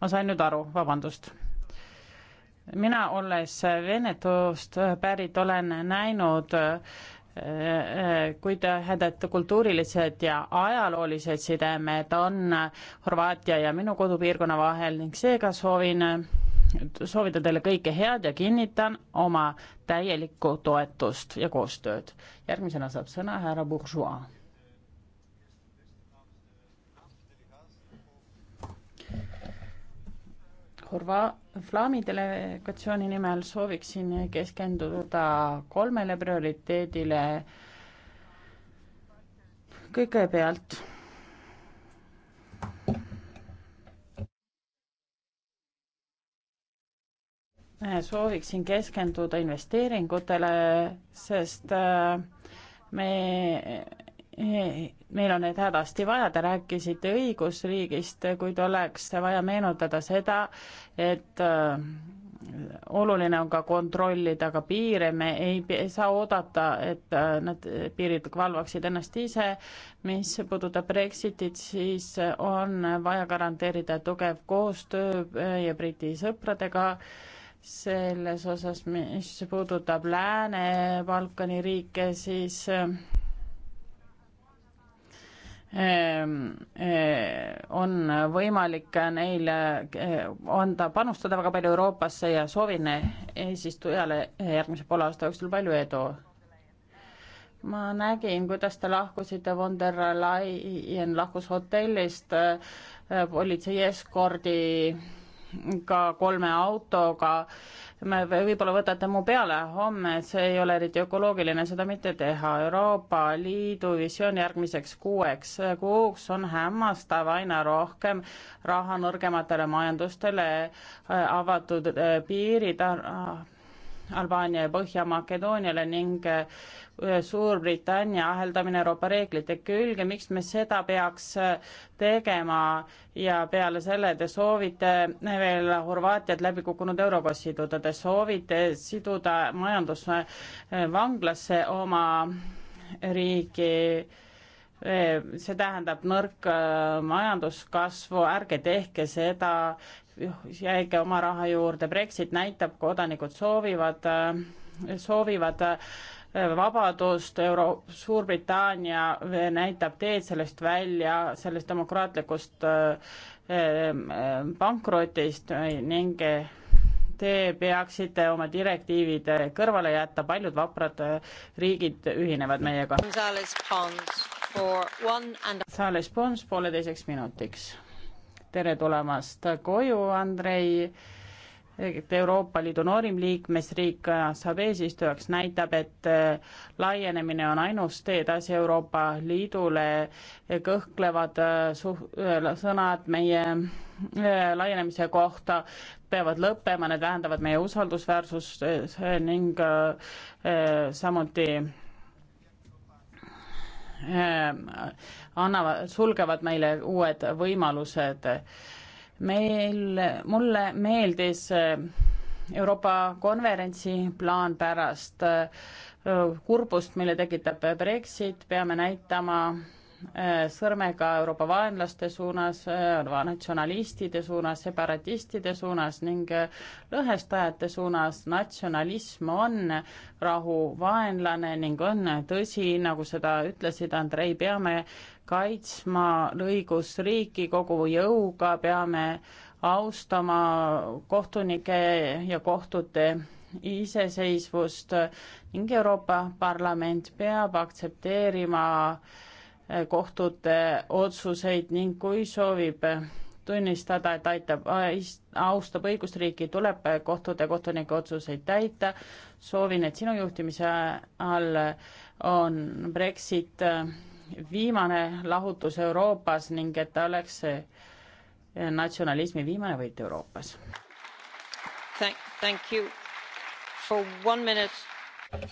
ma sain nüüd aru, vabandust mina, olles Venetoost pärit, olen näinud kui tähendab kultuurilised ja ajaloolised sidemed on Horvaatia ja minu kodupiirkonna vahel ning seega soovin soovida teile kõike head ja kinnitan oma täielikku toetust ja koostööd. järgmisena saab sõna härra Bourgeois. Horva-, Flaami delegatsiooni nimel sooviksin keskenduda kolmele prioriteedile. kõigepealt sooviksin keskenduda investeeringutele, sest äh, me meil on neid hädasti vaja, te rääkisite õigusriigist, kuid oleks vaja meenutada seda, et äh, oluline on ka kontrollida ka piire, me ei, ei saa oodata, et äh, nad piirid valvaksid ennast ise. mis puudutab Brexitit, siis on vaja garanteerida tugev koostöö äh, ja Briti sõpradega selles osas, mis puudutab Lääne-Balkani riike, siis Ehm, eh, on võimalik neil anda, eh, panustada väga palju Euroopasse ja soovin eesistujale järgmise poole aasta jooksul palju edu. ma nägin, kuidas te lahkusite von der Leyen lahkus hotellist eh, politsei eskordi ka kolme autoga. võib-olla võtate mu peale homme, see ei ole eriti ökoloogiline seda mitte teha. Euroopa Liidu visioon järgmiseks kuueks kuuks on hämmastav aina rohkem raha nõrgematele majandustele äh, avatud äh, piirid äh, Albaania ja Põhja-Makedooniale ning äh, Suurbritannia aheldamine Euroopa reeglite külge, miks me seda peaks äh, tegema ja peale selle te soovite äh, veel Horvaatiat läbi kukkunud euroga siduda, te soovite siduda majandusvanglasse oma riigi see tähendab nõrka majanduskasvu, ärge tehke seda, jääge oma raha juurde, Brexit näitab, kodanikud soovivad, äh, soovivad äh, vabadust, Euro-, Suurbritannia näitab teed sellest välja, sellest demokraatlikust äh, ähm, pankrotist ning te peaksite oma direktiivid kõrvale jätta, paljud vaprad riigid ühinevad meiega. Sales Pons pooleteiseks minutiks tere tulemast koju, Andrei. et Euroopa Liidu noorim liikmesriik saab eesistujaks, näitab, et äh, laienemine on ainus tee edasi Euroopa Liidule, kõhklevad äh, suh-, äh, sõnad meie laienemise kohta peavad lõppema, need vähendavad meie usaldusväärsust ning samuti Äh, annavad, sulgevad meile uued võimalused. meil, mulle meeldis äh, Euroopa konverentsi plaan pärast äh, kurbust, mille tekitab Brexit, peame näitama Äh, sõrmega Euroopa vaenlaste suunas, äh, natsionalistide suunas, separatistide suunas ning äh, lõhestajate suunas. natsionalism on rahu vaenlane ning on tõsi, nagu seda ütlesid Andrei, peame kaitsma õigusriiki kogu jõuga, peame austama kohtunike ja kohtute iseseisvust ning Euroopa Parlament peab aktsepteerima äh, kohtute otsuseid ning kui soovib tunnistada, et aitab, austab õigusriiki, tuleb kohtute kohtunike otsuseid täita. soovin, et sinu juhtimise all on Brexit viimane lahutus Euroopas ning et ta oleks natsionalismi viimane võit Euroopas.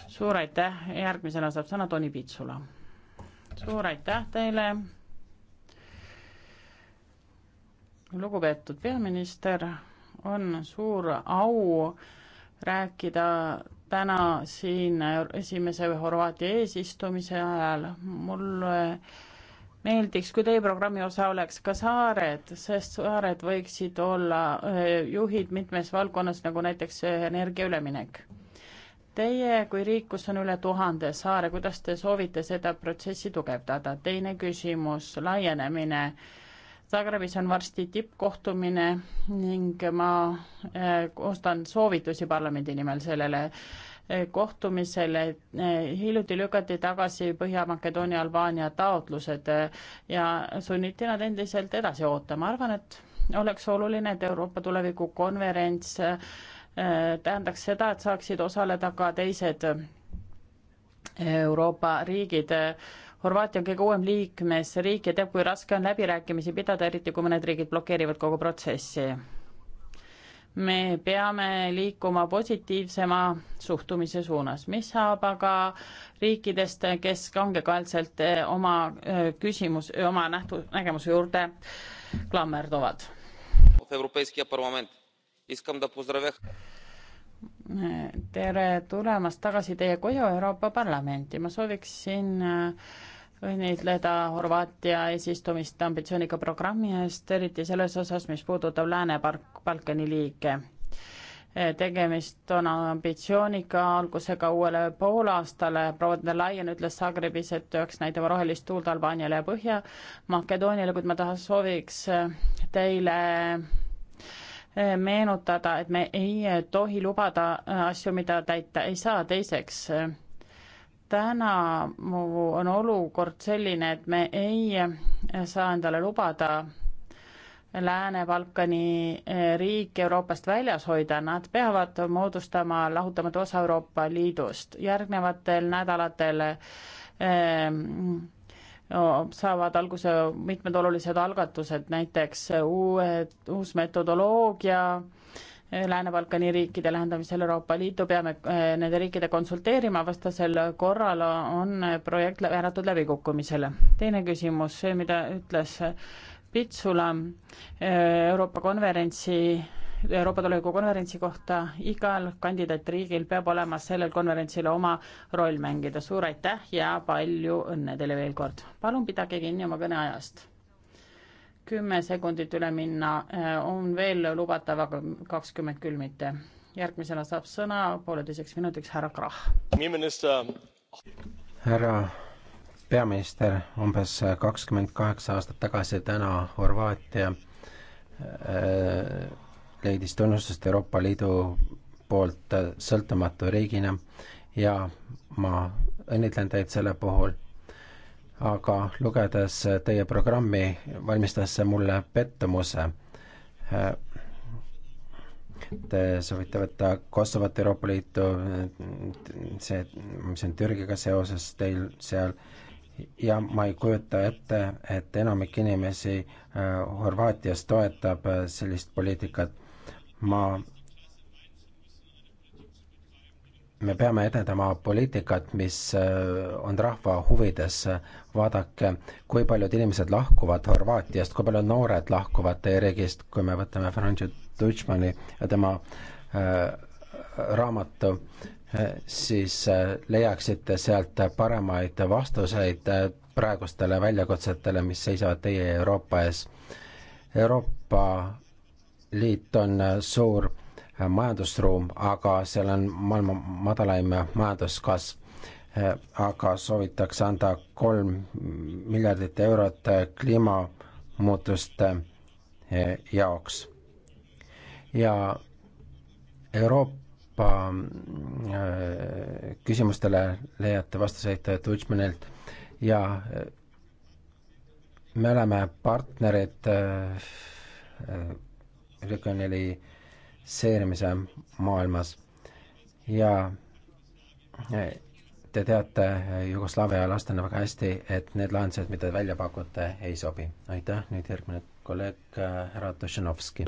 suur aitäh, järgmisena saab sõna Toni Pitsula suur aitäh teile. lugupeetud peaminister, on suur au rääkida täna siin esimese Horvaatia eesistumise ajal. mulle meeldiks, kui teie programmi osa oleks ka saared, sest saared võiksid olla eh, juhid mitmes valdkonnas, nagu näiteks energiaüleminek Teie kui riik, kus on üle tuhande saare, kuidas te soovite seda protsessi tugevdada? teine küsimus, laienemine. Zagrebis on varsti tippkohtumine ning ma eh, koostan soovitusi parlamendi nimel sellele eh, kohtumisele. Eh, hiljuti lükati tagasi Põhja-Makedoonia, Albaania taotlused ja sunniti nad endiselt edasi ootama. arvan, et oleks oluline, et Euroopa tulevikukonverents Äh, tähendaks seda, et saaksid osaleda ka teised äh, Euroopa riigid. Äh, Horvaatia on kõige uuem liikmesriik ja teab, kui raske on läbirääkimisi pidada, eriti kui mõned riigid blokeerivad kogu protsessi. me peame liikuma positiivsema suhtumise suunas, mis saab aga riikidest, kes kangekaelselt oma küsimus, oma nähtu, nägemuse juurde klammerduvad. Euroopa Parlament Искам да поздравя. tere tulemast tagasi teie koju Euroopa Parlamenti, ma sooviksin äh, õnnitleda Horvaatia eesistumist ambitsioonika programmi eest, eriti selles osas, mis puudutab Lääne-Balkani liike. Äh, tegemist on ambitsioonika algusega uuele poolaastale, proua de Laien ütles Zagrebis, et peaks näitama rohelist tuult Albaaniale ja Põhja-Makedooniale, kuid ma tahan, sooviks äh, teile meenutada, et me ei tohi lubada asju, mida täita ei saa, teiseks täna mu on olukord selline, et me ei saa endale lubada Lääne-Balkani riik Euroopast väljas hoida, nad peavad moodustama lahutamatu osa Euroopa Liidust. järgnevatel nädalatel ähm, saavad alguse mitmed olulised algatused, näiteks uued, uus metodoloogia eh, Lääne-Balkani riikide lähendamisel Euroopa Liitu, peame eh, nende riikide konsulteerima, vastasel korral on projekt määratud läbikukkumisele. teine küsimus, see, mida ütles Pitsula eh, Euroopa konverentsi Euroopa tuleviku konverentsi kohta, igal kandidaatriigil peab olema sellel konverentsil oma roll mängida. suur aitäh ja palju õnne teile veel kord. palun pidage kinni oma kõneajast. kümme sekundit üle minna äh, on veel lubatav, aga kakskümmend küll mitte. järgmisena saab sõna pooleteiseks minutiks härra Krahh. härra peaminister, umbes kakskümmend kaheksa aastat tagasi täna Horvaatia äh, leidis tunnustust Euroopa Liidu poolt sõltumatu riigina ja ma õnnitlen teid selle puhul. aga lugedes teie programmi, valmistas see mulle pettumuse. Te soovite võtta Kosovot Euroopa Liitu, see, mis on Türgiga seoses teil seal, ja ma ei kujuta ette, et enamik inimesi äh, Horvaatias toetab äh, sellist poliitikat ma, me peame edendama poliitikat, mis äh, on rahva huvides. vaadake, kui paljud inimesed lahkuvad Horvaatiast, kui paljud noored lahkuvad teie riigist, kui me võtame Franz Deutschmanni ja tema äh, raamatu, äh, siis leiaksite sealt paremaid vastuseid praegustele väljakutsetele, mis seisavad teie Euroopa ees. Euroopa liit on äh, suur äh, majandusruum, aga seal on maailma madalaim äh, majanduskasv. aga soovitakse anda kolm miljardit eurot kliimamuutuste jaoks. ja Euroopa küsimustele leiate vastuseid Deutschmanilt ja me oleme partnerid regionaliseerimise maailmas ja te teate Jugoslaavia lastena väga hästi, et need lahendused, mida te välja pakute, ei sobi. aitäh, nüüd järgmine kolleeg äh, härra Tošenovski.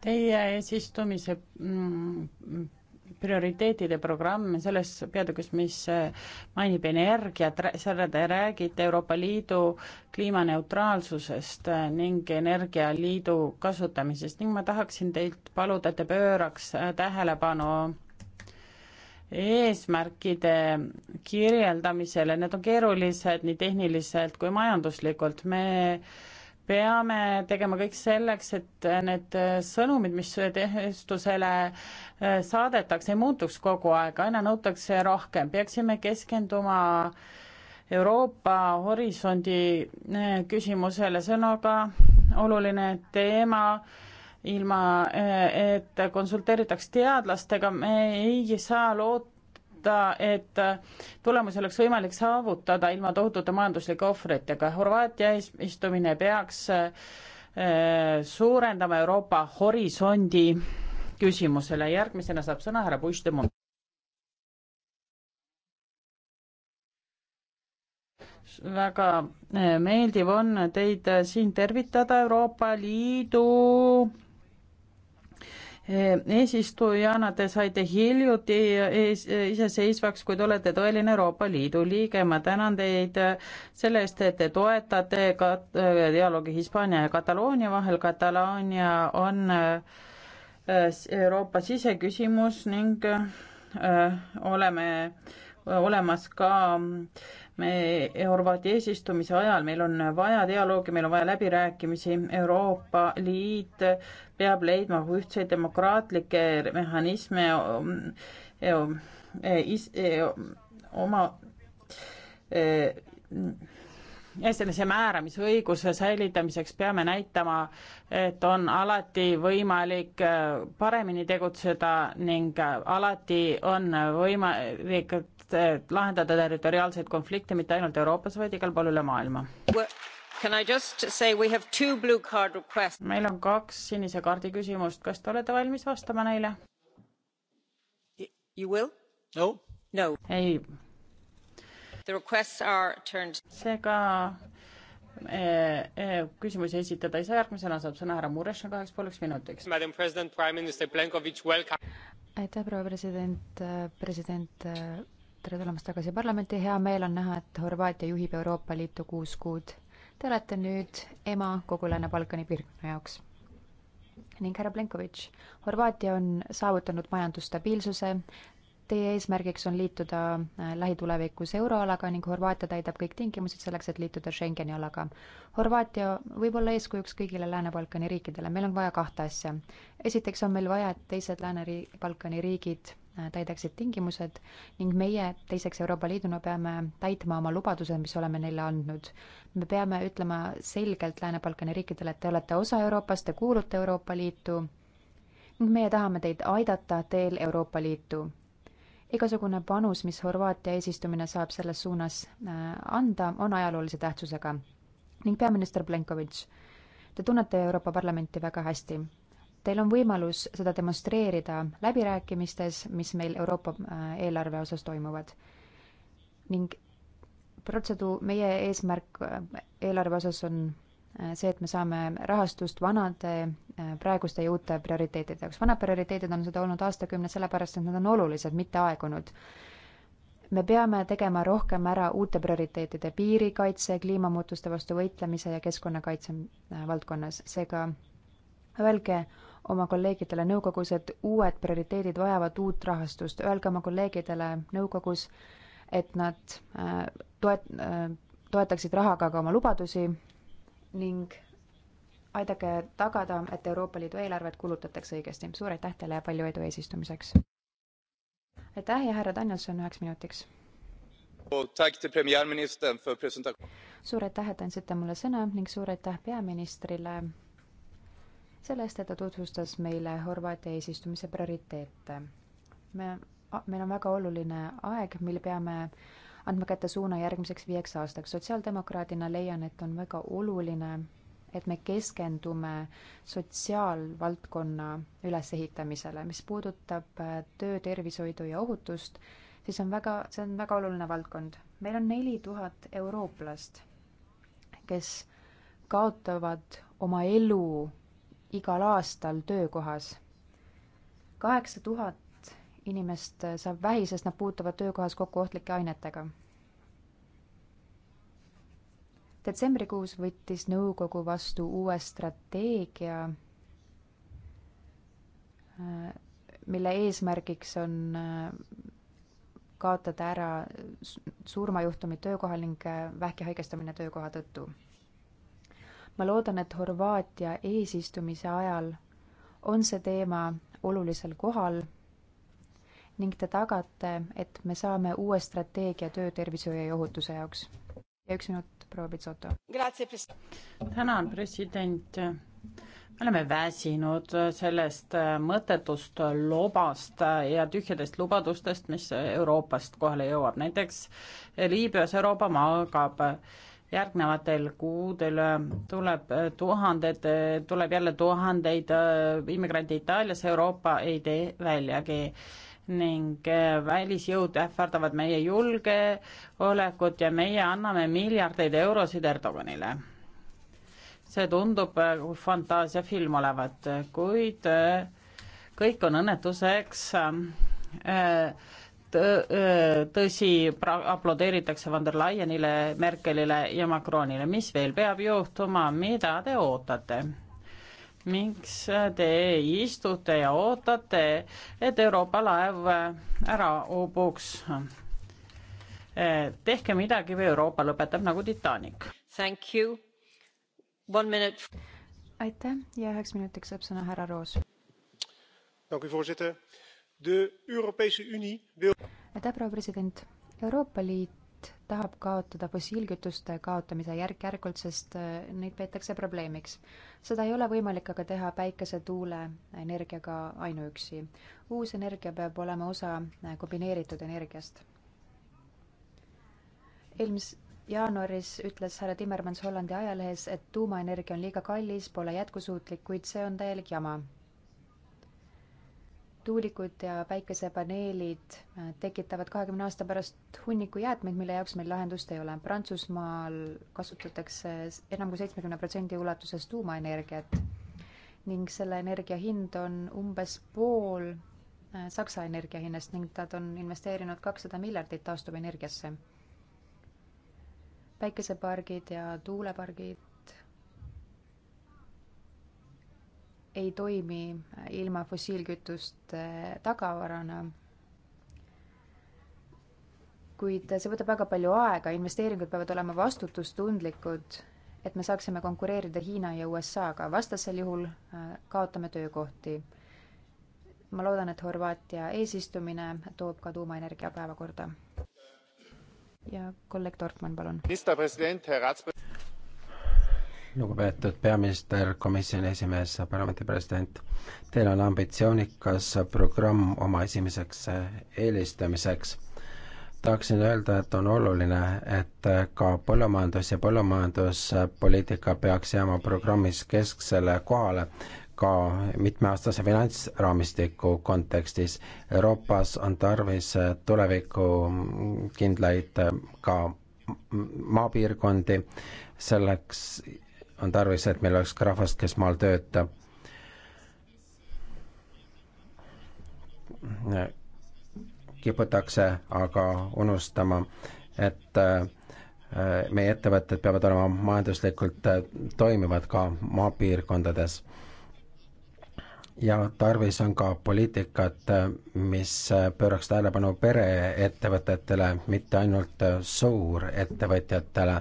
Teie eesistumise mm, prioriteetide programm selles peatükis, mis äh, mainib energiat, seal te räägite Euroopa Liidu kliimaneutraalsusest äh, ning Energialiidu kasutamisest ning ma tahaksin teilt paluda, et te pööraks äh, tähelepanu eesmärkide kirjeldamisele, need on keerulised nii tehniliselt kui majanduslikult, me peame tegema kõik selleks, et need sõnumid, mis tööstusele äh, saadetakse, ei muutuks kogu aeg, aina nõutakse rohkem, peaksime keskenduma Euroopa horisondi äh, küsimusele, see on aga oluline teema, ilma äh, et konsulteeritaks teadlastega, me ei saa loota, loota, et tulemusi oleks võimalik saavutada ilma tohutute majanduslike ohvritega. Horvaatia eesistumine peaks eh, suurendama Euroopa horisondi küsimusele. järgmisena saab sõna härra Puigdemont. väga eh, meeldiv on teid siin tervitada Euroopa Liidu eesistujana te saite hiljuti ees, iseseisvaks, kuid olete tõeline Euroopa Liidu liige. ma tänan teid selle eest, et te toetate ka dialoogi Hispaania ja Kataloonia vahel. Kataloonia on äh, Euroopa siseküsimus ning äh, oleme olemas ka me Horvaatia eesistumise ajal, meil on vaja dialoogi, meil on vaja läbirääkimisi, Euroopa Liit peab leidma ühtseid demokraatlikke mehhanisme um, e, um, e, e, oma eestlase määramisõiguse säilitamiseks peame näitama, et on alati võimalik paremini tegutseda ning alati on võimalik selleks, et lahendada territoriaalseid konflikte mitte ainult Euroopas, vaid igal pool üle maailma. meil on kaks sinise kaardi küsimust, kas te olete valmis vastama neile? No. No. ei. seega e, e, küsimusi esitada ei saa, järgmisena saab sõna härra Murešin kaheks pooleks minutiks. aitäh, proua president, president tere tulemast tagasi parlamenti, hea meel on näha, et Horvaatia juhib Euroopa Liitu kuus kuud. Te olete nüüd ema kogu Lääne-Balkani piirkonna jaoks. ning härra Plenkovitš, Horvaatia on saavutanud majandusstabiilsuse, teie eesmärgiks on liituda äh, lähitulevikus euroalaga ning Horvaatia täidab kõik tingimused selleks, et liituda Schengeni alaga. Horvaatia võib olla eeskujuks kõigile Lääne-Balkani riikidele, meil on vaja kahte asja. esiteks on meil vaja, et teised Lääne-Balkani riigid täidaksid tingimused ning meie teiseks Euroopa Liiduna peame täitma oma lubadused, mis oleme neile andnud. me peame ütlema selgelt Lääne-Balkani riikidele, et te olete osa Euroopast, te kuulute Euroopa Liitu ning meie tahame teid aidata teel Euroopa Liitu. igasugune panus, mis Horvaatia eesistumine saab selles suunas äh, anda, on ajaloolise tähtsusega. ning peaminister Plenkovitš, te tunnete Euroopa Parlamenti väga hästi Teil on võimalus seda demonstreerida läbirääkimistes, mis meil Euroopa äh, eelarve osas toimuvad. ning protseduur, meie eesmärk äh, eelarve osas on äh, see, et me saame rahastust vanade, praeguste ja uute prioriteetide jaoks. vanad prioriteedid on seda olnud aastakümneid sellepärast, et nad on olulised, mitte aegunud. me peame tegema rohkem ära uute prioriteetide piirikaitse, kliimamuutuste vastu võitlemise ja keskkonnakaitse valdkonnas, seega öelge oma kolleegidele nõukogus, et uued prioriteedid vajavad uut rahastust. Öelge oma kolleegidele nõukogus, et nad äh, toet-, äh, toetaksid rahaga ka oma lubadusi ning aidake tagada, et Euroopa Liidu eelarvet kulutatakse õigesti. suur aitäh teile ja palju edu eesistumiseks! aitäh ja härra Danielson üheks minutiks! suur aitäh, et andsite mulle sõna ning suur aitäh peaministrile selle eest, et ta tutvustas meile Horvaatia eesistumise prioriteete. me, meil on väga oluline aeg, mil peame andma kätte suuna järgmiseks viieks aastaks. sotsiaaldemokraadina leian, et on väga oluline, et me keskendume sotsiaalvaldkonna ülesehitamisele, mis puudutab äh, töötervishoidu ja ohutust, siis on väga, see on väga oluline valdkond. meil on neli tuhat eurooplast, kes kaotavad oma elu igal aastal töökohas. kaheksa tuhat inimest saab vähi, sest nad puutuvad töökohas kokku ohtlike ainetega. detsembrikuus võttis nõukogu vastu uue strateegia, mille eesmärgiks on kaotada ära surmajuhtumid töökohal ning äh, vähki haigestamine töökoha tõttu ma loodan, et Horvaatia eesistumise ajal on see teema olulisel kohal ning te tagate, et me saame uue strateegia töötervishoiu ja ohutuse jaoks. ja üks minut, proua Pitsoto. tänan, president. me oleme väsinud sellest mõttetust lobast ja tühjadest lubadustest, mis Euroopast kohale jõuab. näiteks Liibüas Euroopa magab ma järgnevatel kuudel äh, tuleb äh, tuhanded, äh, tuleb jälle tuhandeid immigrante Itaaliasse, Euroopa ei tee väljagi. ning välisjõud ähvardavad meie julgeolekut ja meie anname miljardeid eurosid Erdoganile. see tundub fantaasiafilm olevat, kuid kõik on õnnetuseks äh, tõsi, aplodeeritakse von der Leyenile, Merkelile ja Macronile, mis veel peab juhtuma, mida te ootate? miks te istute ja ootate, et Euroopa laev ära upuks? tehke midagi või Euroopa lõpetab nagu Titanic. aitäh ja üheks minutiks saab sõna härra Roos aitäh, proua president. Euroopa Liit tahab kaotada fossiilkütuste kaotamise järk-järgult, sest äh, neid peetakse probleemiks. seda ei ole võimalik aga teha päikese, tuule energiaga ainuüksi. uus energia peab olema osa äh, kombineeritud energiast. eelmis-, jaanuaris ütles härra Timmermans Hollandi ajalehes, et tuumaenergia on liiga kallis, pole jätkusuutlik, kuid see on täielik jama tuulikud ja päikesepaneelid äh, tekitavad kahekümne aasta pärast hunniku jäätmeid, mille jaoks meil lahendust ei ole. Prantsusmaal kasutatakse enam kui seitsmekümne protsendi ulatuses tuumaenergiat ning selle energia hind on umbes pool äh, Saksa energia hinnast ning nad on investeerinud kakssada miljardit taastuvenergiasse. päikesepargid ja tuulepargid ei toimi ilma fossiilkütuste tagavarana kuid see võtab väga palju aega, investeeringud peavad olema vastutustundlikud, et me saaksime konkureerida Hiina ja USA-ga, vastasel juhul äh, kaotame töökohti. ma loodan, et Horvaatia eesistumine toob ka tuumaenergia päevakorda. ja kolleeg Tortmann, palun lugupeetud peaminister, komisjoni esimees, parlamendi president, teil on ambitsioonikas programm oma esimeseks eh, eelistamiseks. tahaksin öelda, et on oluline, et eh, ka põllumajandus ja põllumajanduspoliitika peaks jääma programmis kesksele kohale, ka mitmeaastase finantsraamistiku kontekstis. Euroopas on tarvis eh, tulevikukindlaid ka maapiirkondi selleks on tarvis, et meil oleks ka rahvast, kes maal töötab. kiputakse aga unustama, et äh, meie ettevõtted peavad olema majanduslikult äh, toimivad ka maapiirkondades. ja tarvis on ka poliitikat, äh, mis pööraks tähelepanu pereettevõtetele, mitte ainult suurettevõtjatele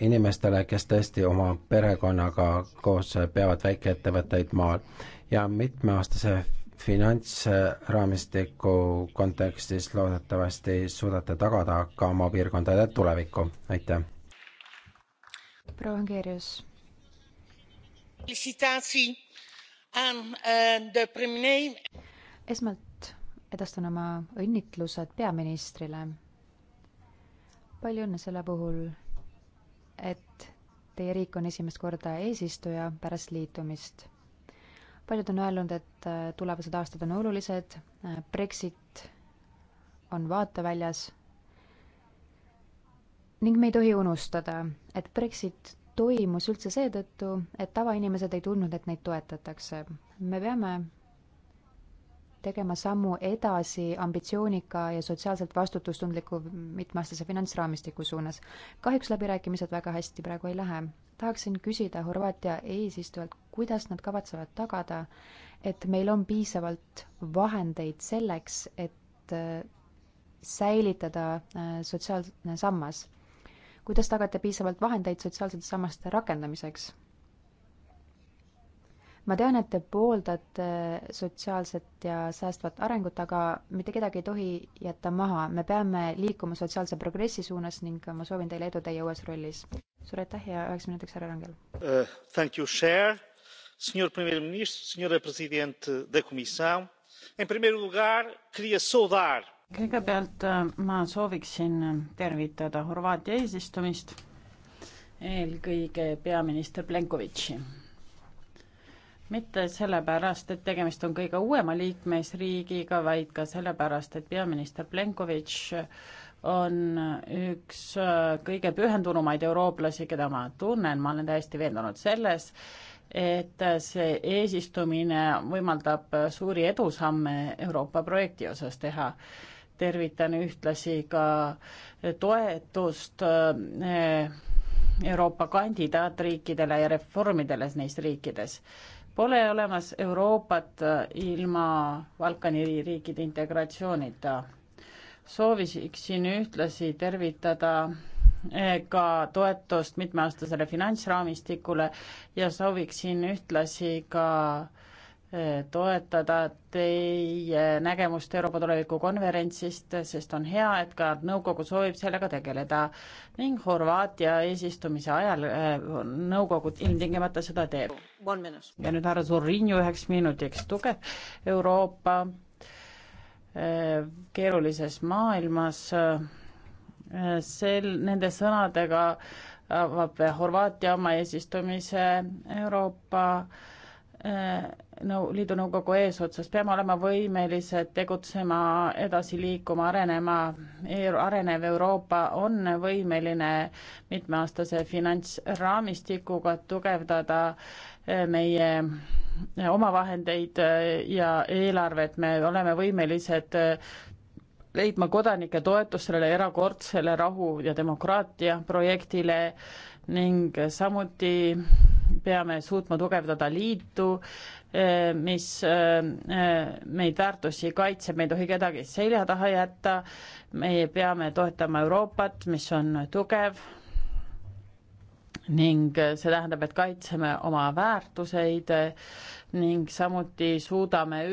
inimestele, kes tõesti oma perekonnaga koos peavad väikeettevõtteid maal ja mitmeaastase finantsraamistiku kontekstis loodetavasti suudate tagada ka oma piirkondade tulevikku, aitäh! proua Angeerius. Eh, esmalt edastan oma õnnitlused peaministrile. palju õnne selle puhul, et teie riik on esimest korda eesistuja pärast liitumist. paljud on öelnud, et äh, tulevased aastad on olulised, äh, Brexit on vaateväljas ning me ei tohi unustada, et Brexit toimus üldse seetõttu, et tavainimesed ei tundnud, et neid toetatakse. me peame tegema sammu edasi ambitsioonika ja sotsiaalselt vastutustundliku mitmeaastase finantsraamistiku suunas. kahjuks läbirääkimised väga hästi praegu ei lähe. tahaksin küsida Horvaatia eesistujalt, kuidas nad kavatsevad tagada, et meil on piisavalt vahendeid selleks, et äh, säilitada äh, sotsiaalne sammas. kuidas tagate piisavalt vahendeid sotsiaalsete sammaste rakendamiseks? ma tean, et te pooldate sotsiaalset ja säästvat arengut, aga mitte kedagi ei tohi jätta maha. me peame liikuma sotsiaalse progressi suunas ning ma soovin teile edu teie uues rollis. suur aitäh ja üheks minutiks härra Rangel uh,. Thank you, chair. Senhor primeiro-ministro, senhora presidente da comissão. Em primeiro lugar, queria saudar. kõigepealt uh, ma sooviksin tervitada Horvaatia eesistumist, eelkõige peaminister Plenkovitši mitte sellepärast, et tegemist on kõige uuema liikmesriigiga, vaid ka sellepärast, et peaminister Plenkovitš on üks äh, kõige pühendunumaid eurooplasi, keda ma tunnen, ma olen täiesti veendunud selles, et see eesistumine võimaldab suuri edusamme Euroopa projekti osas teha. tervitan ühtlasi ka toetust äh, Euroopa kandidaatriikidele ja reformidele neis riikides Pole olemas Euroopat ilma Balkani riikide integratsioonita. soovisin ühtlasi tervitada eh, ka toetust mitmeaastasele finantsraamistikule ja sooviksin ühtlasi ka äh, toetada teie nägemust Euroopa tuleviku konverentsist, sest on hea, et ka nõukogu soovib sellega tegeleda ning Horvaatia eesistumise ajal äh, nõukogu ilmtingimata seda teeb. ja nüüd härra Zorinju üheks minutiks, tugev Euroopa äh, keerulises maailmas, äh, sel, nende sõnadega avab Horvaatia oma eesistumise Euroopa äh, Äh, nõu-, liidu nõukogu eesotsas, peame olema võimelised tegutsema, edasi liikuma, arenema, arenev Euroopa on võimeline mitmeaastase finantsraamistikuga tugevdada äh, meie äh, omavahendeid ja eelarvet, me oleme võimelised leidma kodanike toetust sellele erakordsele rahu ja demokraatia projektile ning samuti peame suutma tugevdada liitu, eh, mis eh, eh, meid väärtusi kaitseb, me ei tohi kedagi selja taha jätta, meie peame toetama Euroopat, mis on tugev ning see tähendab, et kaitseme oma väärtuseid ning samuti suudame üht